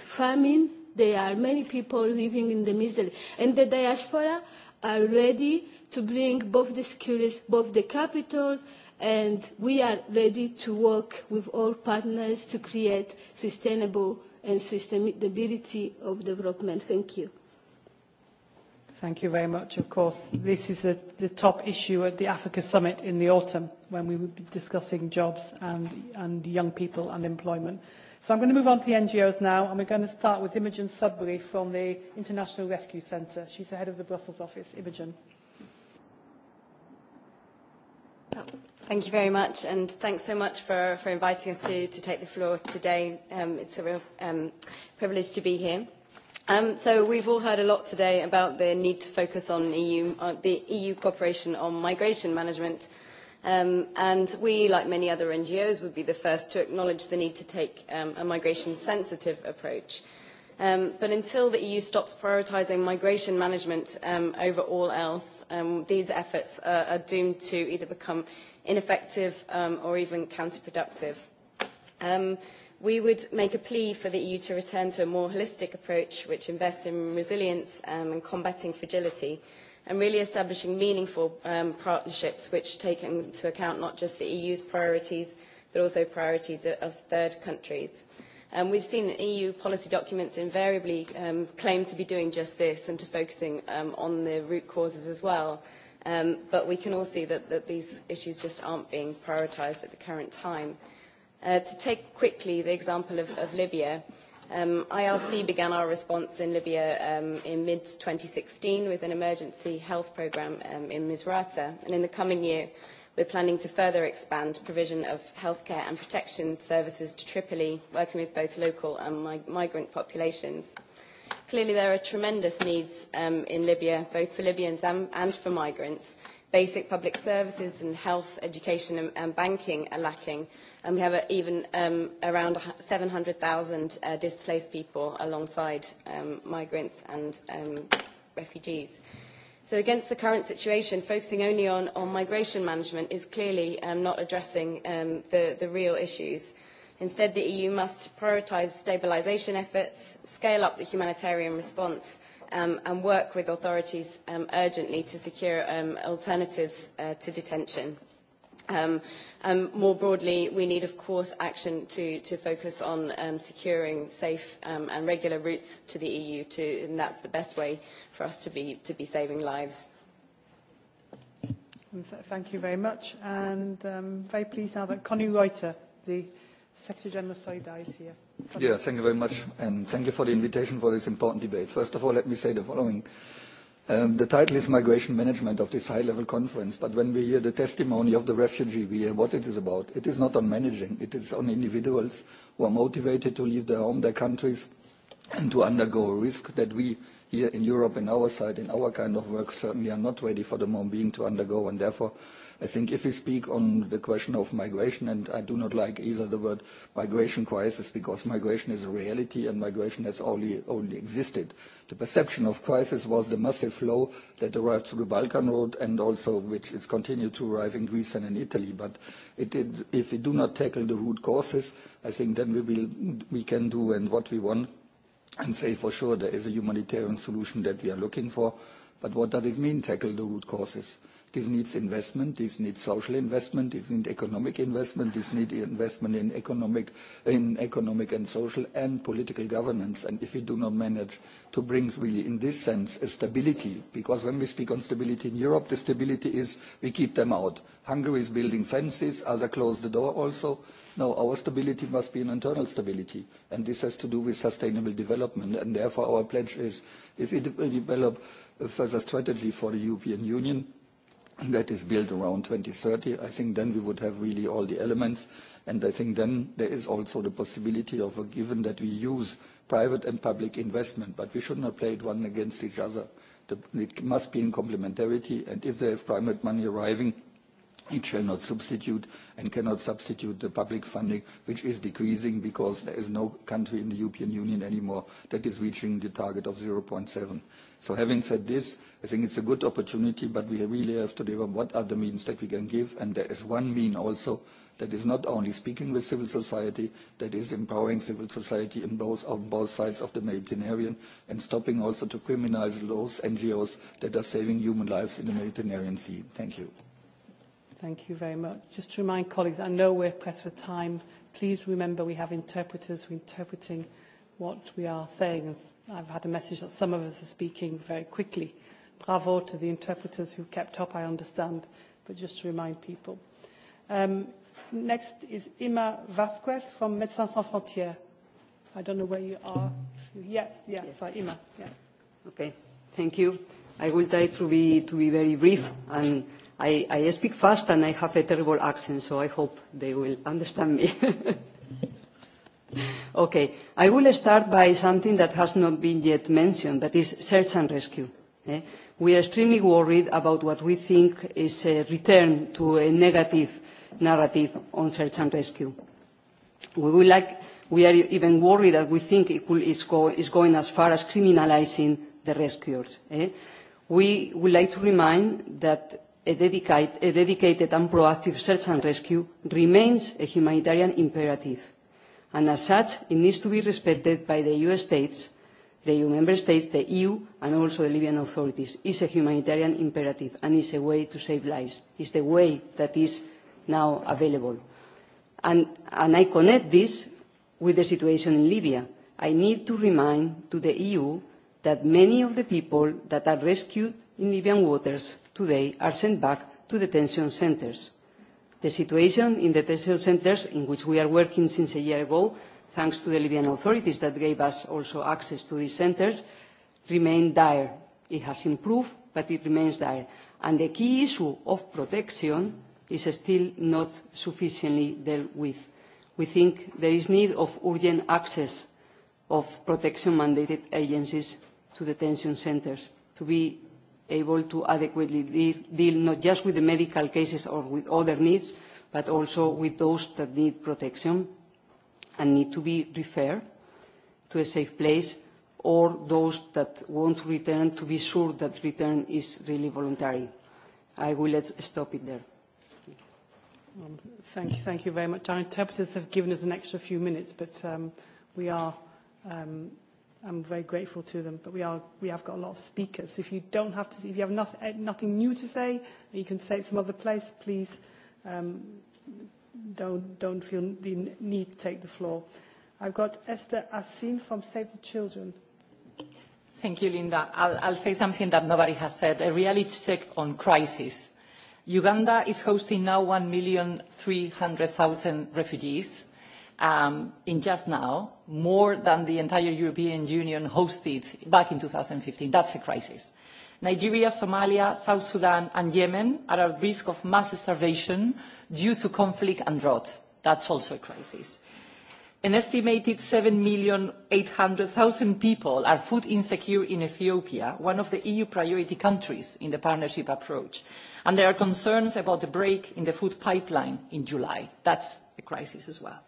famine, there are many people living in the misery. And the diaspora are ready to bring both the securities, both the capitals, and we are ready to work with all partners to create sustainable and sustainability of development. Thank you. Thank you very much. Of course, this is the top issue at the Africa Summit in the autumn when we will be discussing jobs and young people and employment. So I'm going to move on to the NGOs now and we're going to start with Imogen Sudbury from the International Rescue Centre. She's the head of the Brussels office. Imogen. Thank you very much and thanks so much for for inviting us to take the floor today. It's a real privilege to be here. So we've all heard a lot today about the need to focus on the EU cooperation on migration management, and we, like many other NGOs, would be the first to acknowledge the need to take a migration-sensitive approach. But until the EU stops prioritising migration management over all else, these efforts are doomed to either become ineffective or even counterproductive. We would make a plea for the EU to return to a more holistic approach which invests in resilience and combating fragility and really establishing meaningful partnerships which take into account not just the EU's priorities but also priorities of third countries. We've seen EU policy documents invariably claim to be doing just this and to focusing on the root causes as well, but we can all see that these issues just aren't being prioritised at the current time. To take quickly the example of Libya, IRC began our response in Libya in mid-2016 with an emergency health program in Misrata, and in the coming year we're planning to further expand provision of healthcare and protection services to Tripoli, working with both local and migrant populations. Clearly there are tremendous needs in Libya, both for Libyans and for migrants, basic public services and health, education and banking are lacking. And we have even around 700,000 displaced people alongside migrants and refugees. So against the current situation, focusing only on migration management is clearly not addressing the real issues. Instead, the EU must prioritise stabilisation efforts, scale up the humanitarian response and work with authorities urgently to secure alternatives to detention. More broadly, we need, of course, action to focus on securing safe and regular routes to the EU, and that's the best way for us to be saving lives. Thank you very much, and very pleased now that Connie Reuter, the Secretary General is here. Yeah, thank you very much, and thank you for the invitation for this important debate. First of all, let me say the following. The title is Migration Management of this high-level conference, but when we hear the testimony of the refugee, we hear what it is about. It is not on managing. It is on individuals who are motivated to leave their home, their countries, and to undergo a risk that we here in Europe, in our side, in our kind of work, certainly are not ready for the moment being to undergo, and therefore I think if we speak on the question of migration, and I do not like either the word migration crisis because migration is a reality and migration has only existed. The perception of crisis was the massive flow that arrived through the Balkan road and also which is continued to arrive in Greece and in Italy. But if we do not tackle the root causes, I think then we will we can do and what we want and say for sure there is a humanitarian solution that we are looking for. But what does it mean tackle the root causes? This needs investment, this needs social investment, this needs economic investment, this needs investment in economic in economic and social and political governance. And if we do not manage to bring really in this sense a stability, because when we speak on stability in Europe, the stability is we keep them out. Hungary is building fences, others close the door also. No, our stability must be an internal stability, and this has to do with sustainable development. And therefore our pledge is if we develop a further strategy for the European Union, that is built around 2030. I think then we would have really all the elements, and I think then there is also the possibility of a given that we use private and public investment, but we should not play it one against each other. It must be in complementarity, and if there have private money arriving, it shall not substitute and cannot substitute the public funding, which is decreasing because there is no country in the European Union anymore that is reaching the target of 0.7. So having said this, I think it's a good opportunity, but we really have to develop what are the means that we can give. And there is one mean also that is not only speaking with civil society, that is empowering civil society in both, on both sides of the Mediterranean and stopping also to criminalize those NGOs that are saving human lives in the Mediterranean Sea. Thank you. Thank you very much. Just to remind colleagues, I know we're pressed for time. Please remember we have interpreters who are interpreting what we are saying. I've had a message that some of us are speaking very quickly bravo to the interpreters who kept up, I understand, but just to remind people. Um, next is Emma Vasquez from Médecins Sans Frontières. I don't know where you are. Yeah, yeah, sorry, Ima. Yeah. Okay, thank you. I will try to be, to be very brief, and I, I speak fast and I have a terrible accent, so I hope they will understand me. Okay, I will start by something that has not been yet mentioned, but is search and rescue. We are extremely worried about what we think is a return to a negative narrative on search and rescue. We like we are even worried that we think it is going as far as criminalizing the rescuers. We would like to remind that a dedicated and proactive search and rescue remains a humanitarian imperative, and as such, it needs to be respected by the EU states the EU member states, the EU, and also the Libyan authorities. is a humanitarian imperative, and is a way to save lives. Is the way that is now available. And I connect this with the situation in Libya. I need to remind to the EU that many of the people that are rescued in Libyan waters today are sent back to detention centers. The situation in detention centers, in which we are working since a year ago, thanks to the Libyan authorities that gave us also access to these centers, remain dire. It has improved, but it remains dire. And the key issue of protection is still not sufficiently dealt with. We think there is need of urgent access of protection-mandated agencies to detention centers to be able to adequately deal not just with the medical cases or with other needs, but also with those that need protection and need to be referred to a safe place, or those that want to return to be sure that return is really voluntary. I will let stop it there. Thank you, thank you very much. Our interpreters have given us an extra few minutes, but we are, um, I'm very grateful to them. But we are, we have got a lot of speakers. If you don't have to, if you have nothing, new to say, you can say it some other place. Please don't feel the need to take the floor. I've got Esther Asin from Save the Children. Thank you, Linda. I'll, I'll say something that nobody has said, a reality check on crisis. Uganda is hosting now 1,300,000 refugees um, in just now, more than the entire European Union hosted back in 2015. That's a crisis. Nigeria, Somalia, South Sudan and Yemen are at risk of mass starvation due to conflict and drought. That is also a crisis. An estimated 7,800,000 people are food insecure in Ethiopia, one of the EU priority countries in the partnership approach, and there are concerns about the break in the food pipeline in July. That's a crisis as well.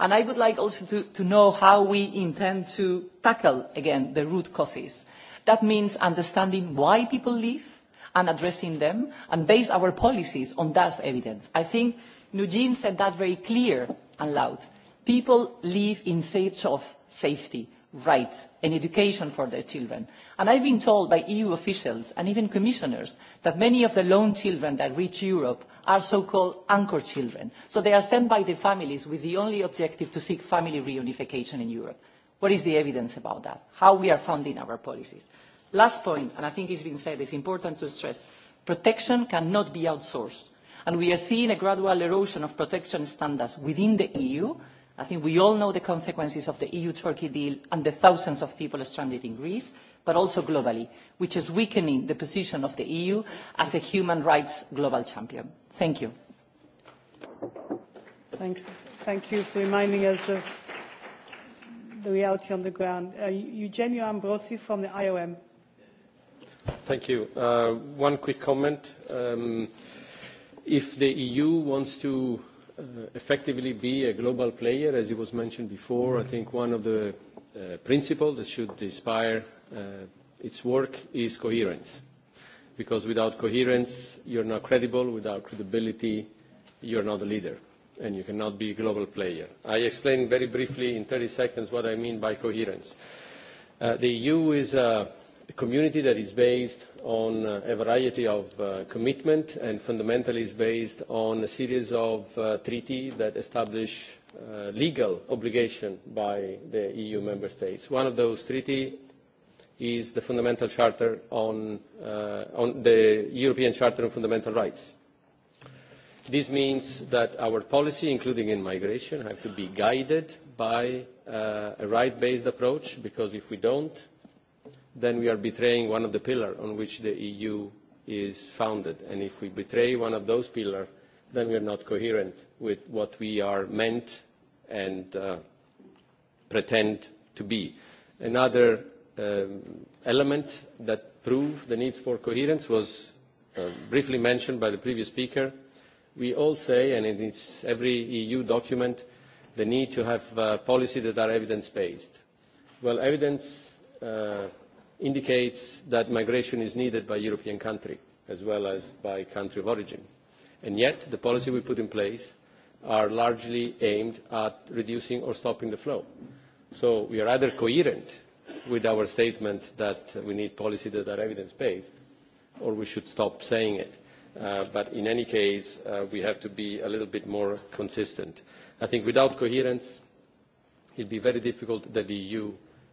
I would like also to know how we intend to tackle, again, the root causes That means understanding why people leave and addressing them and base our policies on that evidence. I think Nugin said that very clear and loud. People live in search of safety, rights and education for their children. And I've been told by EU officials and even commissioners that many of the lone children that reach Europe are so-called anchor children. So they are sent by the families with the only objective to seek family reunification in Europe. What is the evidence about that? How we are funding our policies? Last point, and I think it's been said, it's important to stress, protection cannot be outsourced. And we are seeing a gradual erosion of protection standards within the EU. I think we all know the consequences of the EU-Turkey deal and the thousands of people stranded in Greece, but also globally, which is weakening the position of the EU as a human rights global champion. Thank you. Thank you for reminding us of the reality on the ground. Eugenio Ambrosi from the IOM. Thank you. One quick comment. If the EU wants to effectively be a global player, as it was mentioned before, I think one of the principles that should inspire its work is coherence. Because without coherence, you're not credible. Without credibility, you're not a leader and you cannot be a global player. I explain very briefly in 30 seconds what I mean by coherence. The EU is a community that is based on a variety of commitment and fundamentally is based on a series of treaties that establish legal obligation by the EU member states. One of those treaties is the Fundamental Charter on the European Charter on Fundamental Rights This means that our policy, including in migration, have to be guided by a right-based approach, because if we don't, then we are betraying one of the pillars on which the EU is founded. And if we betray one of those pillars, then we are not coherent with what we are meant and pretend to be. Another element that proved the need for coherence was briefly mentioned by the previous speaker we all say, and it in every EU document, the need to have policies that are evidence-based. Well, evidence indicates that migration is needed by European country as well as by country of origin. And yet, the policies we put in place are largely aimed at reducing or stopping the flow. So we are either coherent with our statement that we need policies that are evidence-based, or we should stop saying it but in any case we have to be a little bit more consistent. I think without coherence it will be very difficult that the EU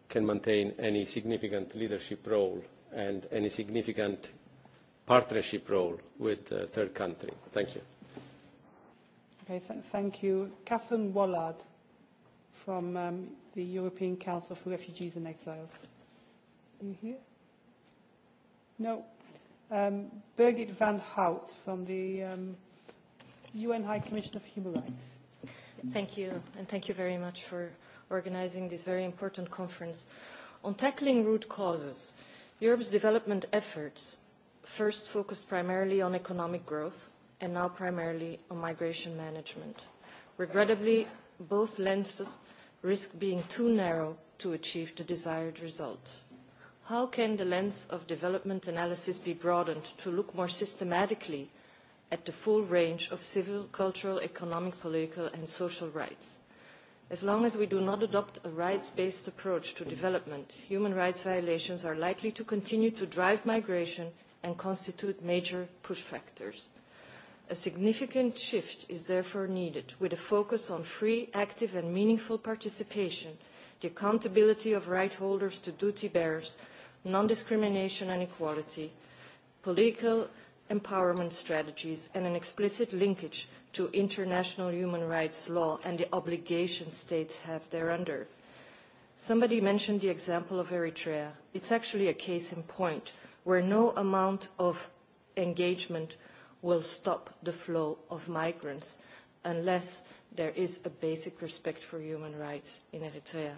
can maintain any significant leadership role and any significant partnership role with the third country. Thank you. Okay, thank you. Catherine Wallard from the European Council for Refugees and Exiles. Are you here? No. Um, Birgit van Hout from the um, UN High Commissioner for Human Rights. Thank you, and thank you very much for organizing this very important conference. On tackling root causes, Europe's development efforts first focused primarily on economic growth and now primarily on migration management. Regrettably, both lenses risk being too narrow to achieve the desired result how can the lens of development analysis be broadened to look more systematically at the full range of civil, cultural, economic, political and social rights? As long as we do not adopt a rights-based approach to development, human rights violations are likely to continue to drive migration and constitute major push factors. A significant shift is therefore needed, with a focus on free, active and meaningful participation, the accountability of right holders to duty bearers non-discrimination and equality, political empowerment strategies, and an explicit linkage to international human rights law and the obligations states have thereunder. Somebody mentioned the example of Eritrea. It's actually a case in point where no amount of engagement will stop the flow of migrants unless there is a basic respect for human rights in Eritrea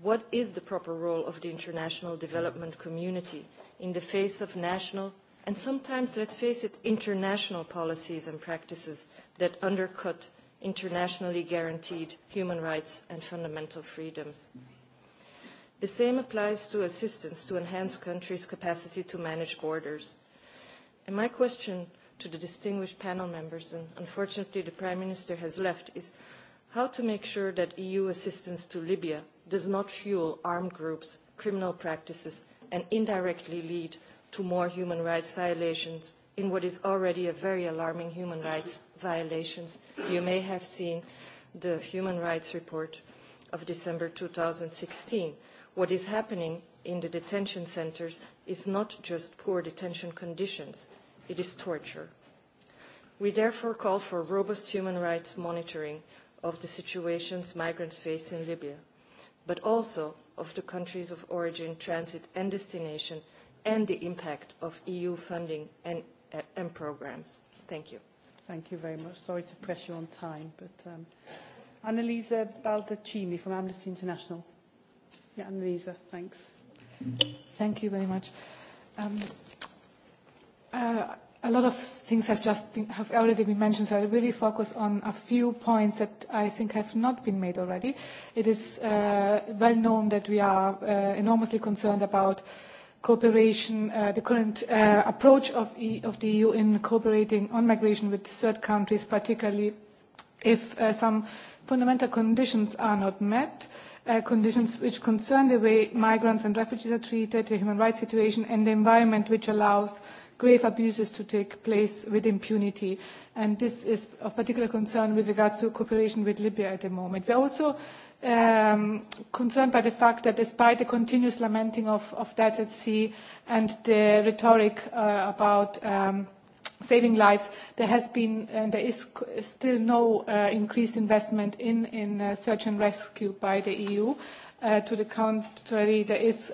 what is the proper role of the international development community in the face of national and sometimes, let's face it, international policies and practices that undercut internationally guaranteed human rights and fundamental freedoms. The same applies to assistance to enhance countries' capacity to manage borders. And my question to the distinguished panel members, and unfortunately the Prime Minister has left, is how to make sure that EU assistance to Libya does not fuel armed groups, criminal practices, and indirectly lead to more human rights violations in what is already a very alarming human rights violations. You may have seen the Human Rights Report of December 2016. What is happening in the detention centers is not just poor detention conditions, it is torture. We therefore call for robust human rights monitoring of the situations migrants face in Libya but also of the countries of origin, transit and destination, and the impact of EU funding and programs. Thank you. Thank you very much. Sorry to press you on time, but Annalisa Baldacini from Amnesty International. Yeah, Annalisa, thanks. Thank you very much a lot of things have just been, have already been mentioned, so I really focus on a few points that I think have not been made already. It is well known that we are enormously concerned about cooperation, the current approach of the EU in cooperating on migration with third countries, particularly if some fundamental conditions are not met, conditions which concern the way migrants and refugees are treated, the human rights situation, and the environment which allows grave abuses to take place with impunity. And this is of particular concern with regards to cooperation with Libya at the moment. We are also concerned by the fact that despite the continuous lamenting of deaths at sea and the rhetoric about saving lives, there has been and there is still no increased investment in search and rescue by the EU. To the contrary, there is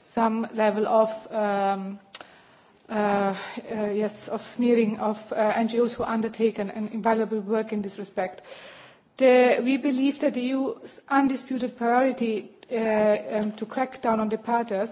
some level of yes, of smearing of NGOs who undertaken an invaluable work in this respect. We believe that the EU's undisputed priority to crack down on departures,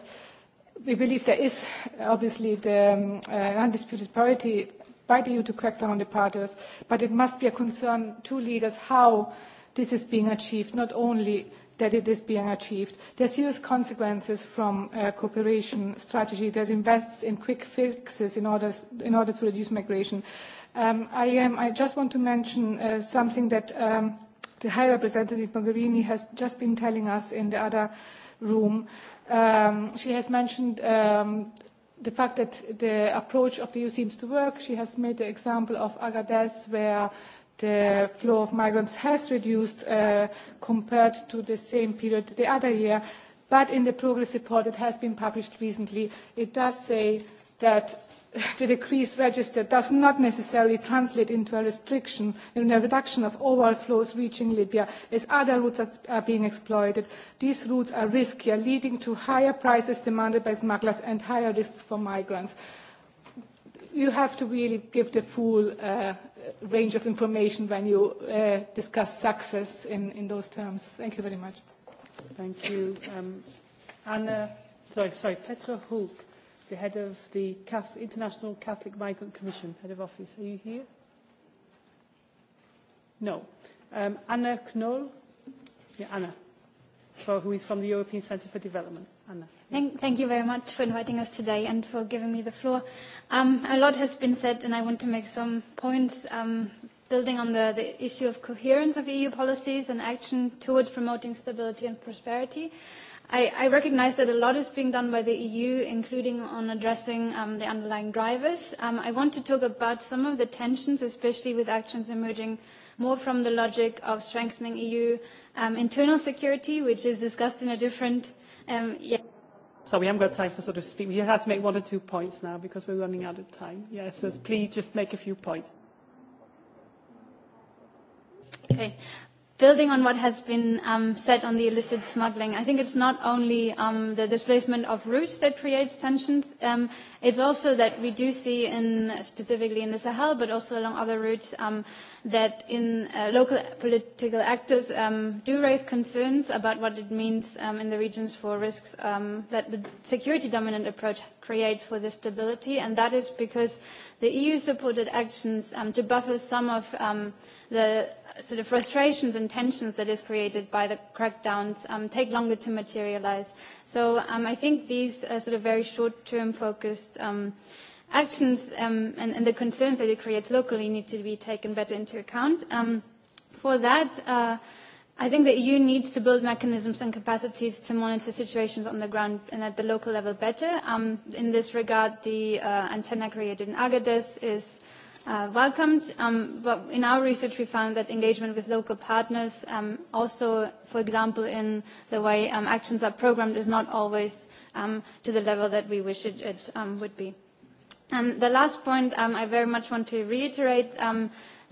we believe there is obviously the undisputed priority by the EU to crack down on departures, but it must be a concern to leaders how this is being achieved, not only that it is being achieved. There are serious consequences from cooperation strategy that invests in quick fixes in order to reduce migration. I just want to mention something that the High Representative Mogherini has just been telling us in the other room. She has mentioned the fact that the approach of the EU seems to work. She has made the example of Agadez where the flow of migrants has reduced compared to the same period the other year, but in the progress report that has been published recently, it does say that the decrease registered does not necessarily translate into a restriction in a reduction of overall flows reaching Libya, as other routes are being exploited. These routes are riskier, leading to higher prices demanded by smugglers and higher risks for migrants you have to really give the full range of information when you discuss success in in those terms. Thank you very much. Thank you. Anna, sorry, sorry, Petra Hulk, the head of the International Catholic Migrant Commission, head of office. Are you here? No. Anna Knoll, yeah, Anna, who is from the European Centre for Development. Thank thank you very much for inviting us today and for giving me the floor. Um A lot has been said, and I want to make some points um building on the the issue of coherence of EU policies and action towards promoting stability and prosperity. I I recognize that a lot is being done by the EU, including on addressing um the underlying drivers. Um I want to talk about some of the tensions, especially with actions emerging more from the logic of strengthening EU internal security, which is discussed in a different Um, yeah. So we haven't got time for sort of speak. We have to make one or two points now because we're running out of time. Yeah, so please just make a few points. Okay building on what has been um, said on the illicit smuggling, I think it's not only um, the displacement of routes that creates tensions, um, it's also that we do see in, specifically in the Sahel, but also along other routes, that in local political actors do raise concerns about what it means in the regions for risks um, that the security dominant approach creates for the stability, and that is because the EU supported actions um, to buffer some of the sort of frustrations and tensions that is created by the crackdowns um take longer to materialize. So um I think these sort of very short-term focused um actions and the concerns that it creates locally need to be taken better into account. Um For that, I think the EU needs to build mechanisms and capacities to monitor situations on the ground and at the local level better. Um In this regard, the antenna created in Agadez is welcomed. But in our research, we found that engagement with local partners, also, for example, in the way actions are programmed, is not always to the level that we wish it would be. And the last point, I very much want to reiterate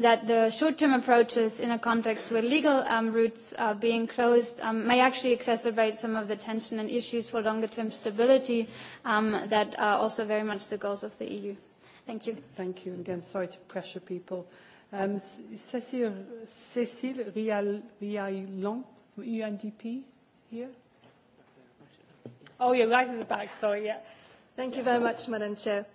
that the short-term approaches in a context where legal routes are being closed may actually exacerbate some of the tension and issues for longer-term stability that are also very much the goals of the EU. Thank you. Thank you. Again, sorry to pressure people. Cécile, Cécile Rialon UNDP here. Oh, you're right in the back. Sorry, yeah. Thank you very much, Madam Chair.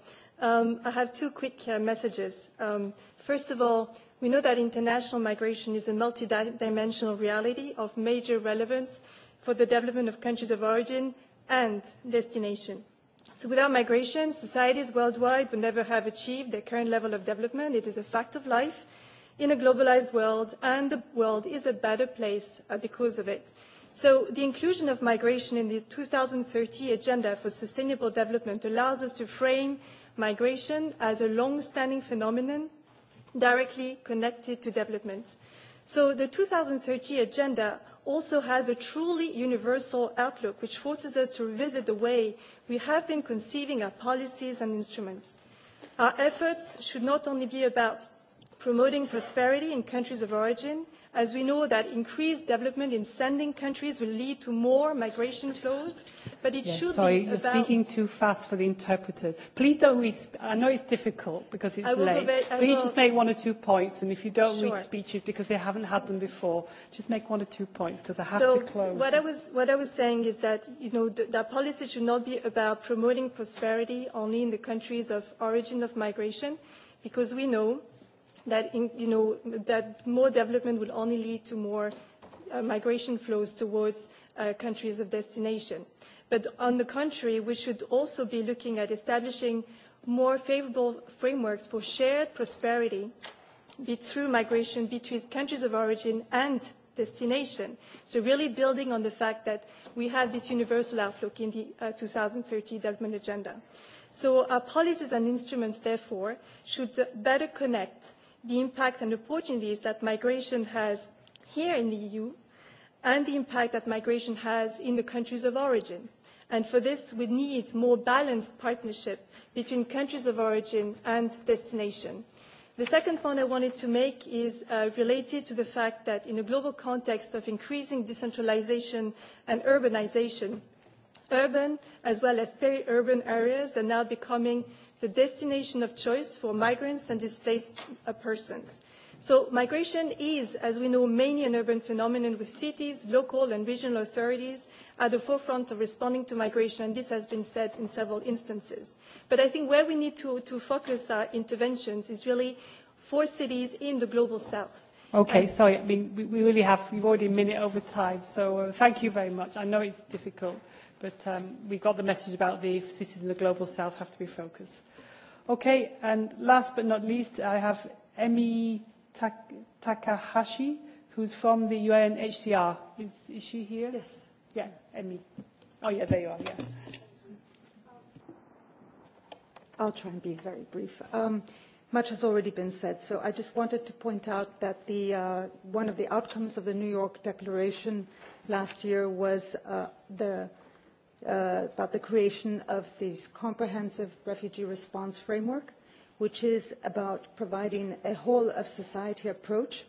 Um, I have two quick messages. Um, first of all, we know that international migration is a multidimensional reality of major relevance for the development of countries of origin and destination So without migration, societies worldwide would never have achieved their current level of development. It is a fact of life in a globalized world, and the world is a better place because of it. So the inclusion of migration in the 2030 Agenda for Sustainable Development allows us to frame migration as a long-standing phenomenon directly connected to development. So the 2030 agenda also has a truly universal outlook, which forces us to revisit the way we have been conceiving our policies and instruments. Our efforts should not only be about promoting prosperity in countries of origin, as we know that increased development in sending countries will lead to more migration flows, but it should be Sorry, you're speaking too fast for the interpreters. Please don't read. I know it's difficult because it's late. Please just make one or two points, and if you don't read speeches because they haven't had them before, just make one or two points because I have to close. So what I was what I was saying is that you know that policy should not be about promoting prosperity only in the countries of origin of migration, because we know that you know that more development will only lead to more migration flows towards countries of destination. But on the contrary, we should also be looking at establishing more favorable frameworks for shared prosperity be through migration between countries of origin and destination. So really building on the fact that we have this universal outlook in the 2030 development agenda. So our policies and instruments, therefore, should better connect the impact and opportunities that migration has here in the EU and the impact that migration has in the countries of origin. And for this, we need more balanced partnership between countries of origin and destination. The second point I wanted to make is related to the fact that in a global context of increasing decentralization and urbanization, urban as well as peri-urban areas are now becoming the destination of choice for migrants and displaced persons. So migration is, as we know, mainly an urban phenomenon with cities, local and regional authorities at the forefront of responding to migration, and this has been said in several instances. But I think where we need to to focus our interventions is really for cities in the global south. Okay, sorry, I mean, we really have, we've already a minute over time, so thank you very much. I know it's difficult but we've got the message about the cities in the global south have to be focused. Okay, and last but not least, I have Emi Takahashi, who's from the UNHCR. Is, she here? Yes. Yeah, Emi. Oh, yeah, there you are, yeah. I'll try and be very brief. Um, much has already been said, so I just wanted to point out that the, one of the outcomes of the New York Declaration last year was the about the creation of this comprehensive refugee response framework, which is about providing a whole-of-society approach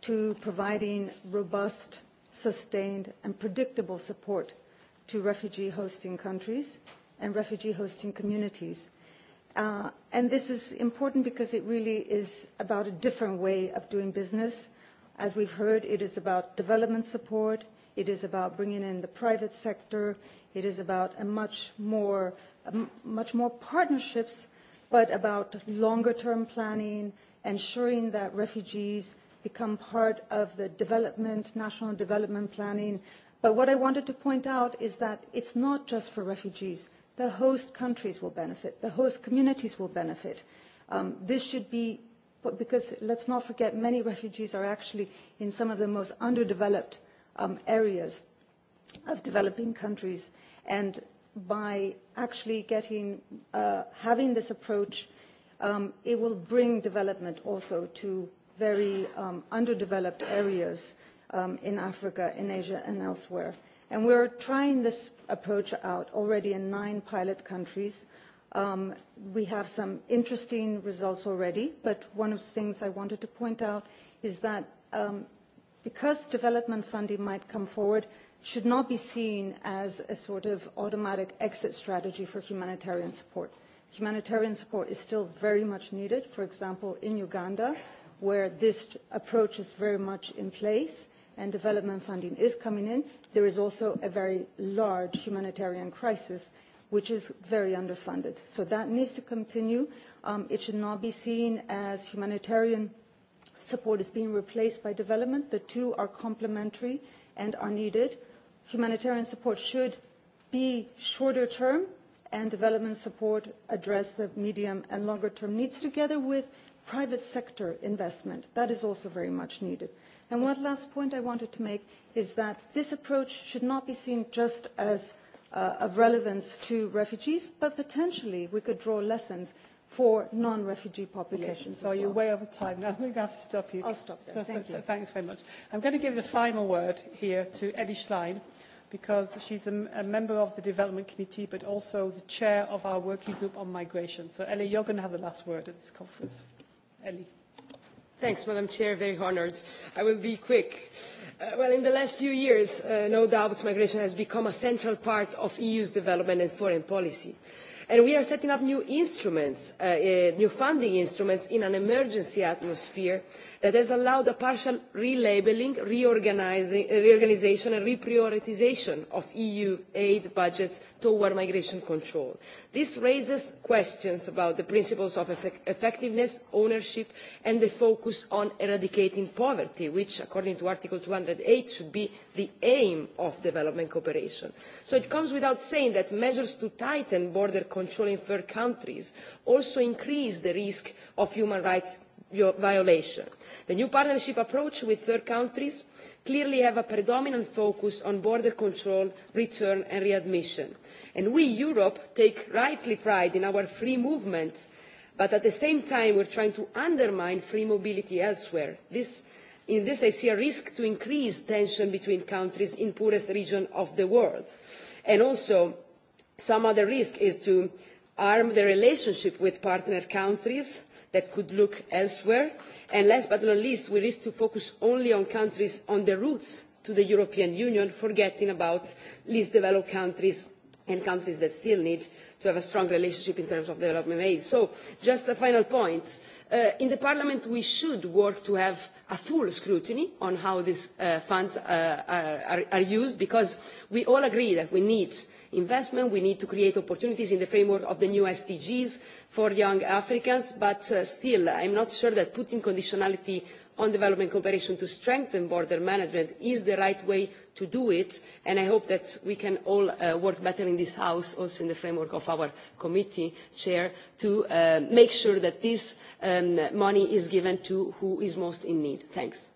to providing robust, sustained, and predictable support to refugee-hosting countries and refugee-hosting communities. And this is important because it really is about a different way of doing business. As we've heard, it is about development support, It is about bringing in the private sector. It is about much more, much more partnerships, but about longer-term planning, ensuring that refugees become part of the development, national development planning. But what I wanted to point out is that it's not just for refugees. The host countries will benefit. The host communities will benefit. This should be, because let's not forget, many refugees are actually in some of the most underdeveloped areas of developing countries and by actually getting having this approach it will bring development also to very underdeveloped areas in Africa, in Asia and elsewhere. And we're trying this approach out already in nine pilot countries. We have some interesting results already, but one of the things I wanted to point out is that because development funding might come forward, should not be seen as a sort of automatic exit strategy for humanitarian support. Humanitarian support is still very much needed, for example, in Uganda, where this approach is very much in place and development funding is coming in. There is also a very large humanitarian crisis which is very underfunded. So that needs to continue. It should not be seen as humanitarian support is being replaced by development. The two are complementary and are needed. Humanitarian support should be shorter term and development support address the medium and longer term needs together with private sector investment. That is also very much needed. And one last point I wanted to make is that this approach should not be seen just as of relevance to refugees, but potentially we could draw lessons for non-refugee populations. So you're way over time now. I'm going to have to stop you. I'll stop there. Thank you. Thanks very much. I'm going to give the final word here to Ellie Schlein because she's a member of the Development Committee but also the chair of our working group on migration. So Ellie, you're going to have the last word at this conference. Ellie. Thanks, Madam Chair. Very honored. I will be quick. Well, in the last few years, no doubt migration has become a central part of EU's development and foreign policy and we are setting up new instruments new funding instruments in an emergency atmosphere that has allowed a partial relabeling, reorganisation and reprioritisation of EU aid budgets towards migration control. This raises questions about the principles of effectiveness, ownership and the focus on eradicating poverty, which, according to Article 208, should be the aim of development cooperation. So it comes without saying that measures to tighten border control in third countries also increase the risk of human rights violation. The new partnership approach with third countries clearly have a predominant focus on border control, return and readmission. And we, Europe, take rightly pride in our free movement, but at the same time we are trying to undermine free mobility elsewhere. In this I see a risk to increase tension between countries in the poorest region of the world. And also some other risk is to arm the relationship with partner countries that could look elsewhere. And last but not least, we risk to focus only on countries on the routes to the European Union, forgetting about least developed countries and countries that still need to have a strong relationship in terms of development aid. So just a final point. In the Parliament we should work to have a full scrutiny on how these funds are used because we all agree that we need investment, we need to create opportunities in the framework of the new SDGs for young Africans, but still I'm not sure that putting conditionality on development cooperation to strengthen border management is the right way to do it and i hope that we can all work better in this house also in the framework of our committee chair to make sure that this money is given to who is most in need. thanks.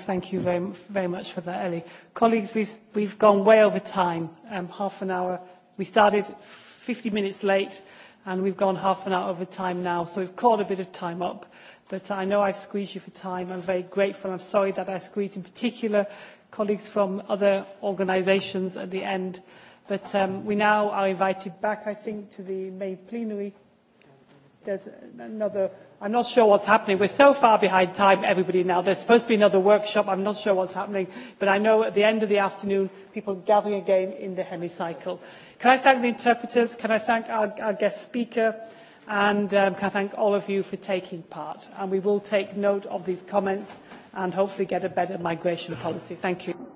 Thank you very much for that, Ellie. Colleagues, we've gone way over time, half an hour. We started 50 minutes late, and we've gone half an hour over time now, so we've caught a bit of time up. But I know I've squeezed you for time. I'm very grateful. I'm sorry that I squeezed in particular colleagues from other organisations at the end. But we now are invited back, I think, to the main plenary. There's another. I'm not sure what's happening. We're so far behind time, everybody, now. There's supposed to be another workshop. I'm not sure what's happening. But I know at the end of the afternoon, people are gathering again in the hemicycle. Can I thank the interpreters? Can I thank our guest speaker? and can thank all of you for taking part. And we will take note of these comments and hopefully get a better migration policy. Thank you.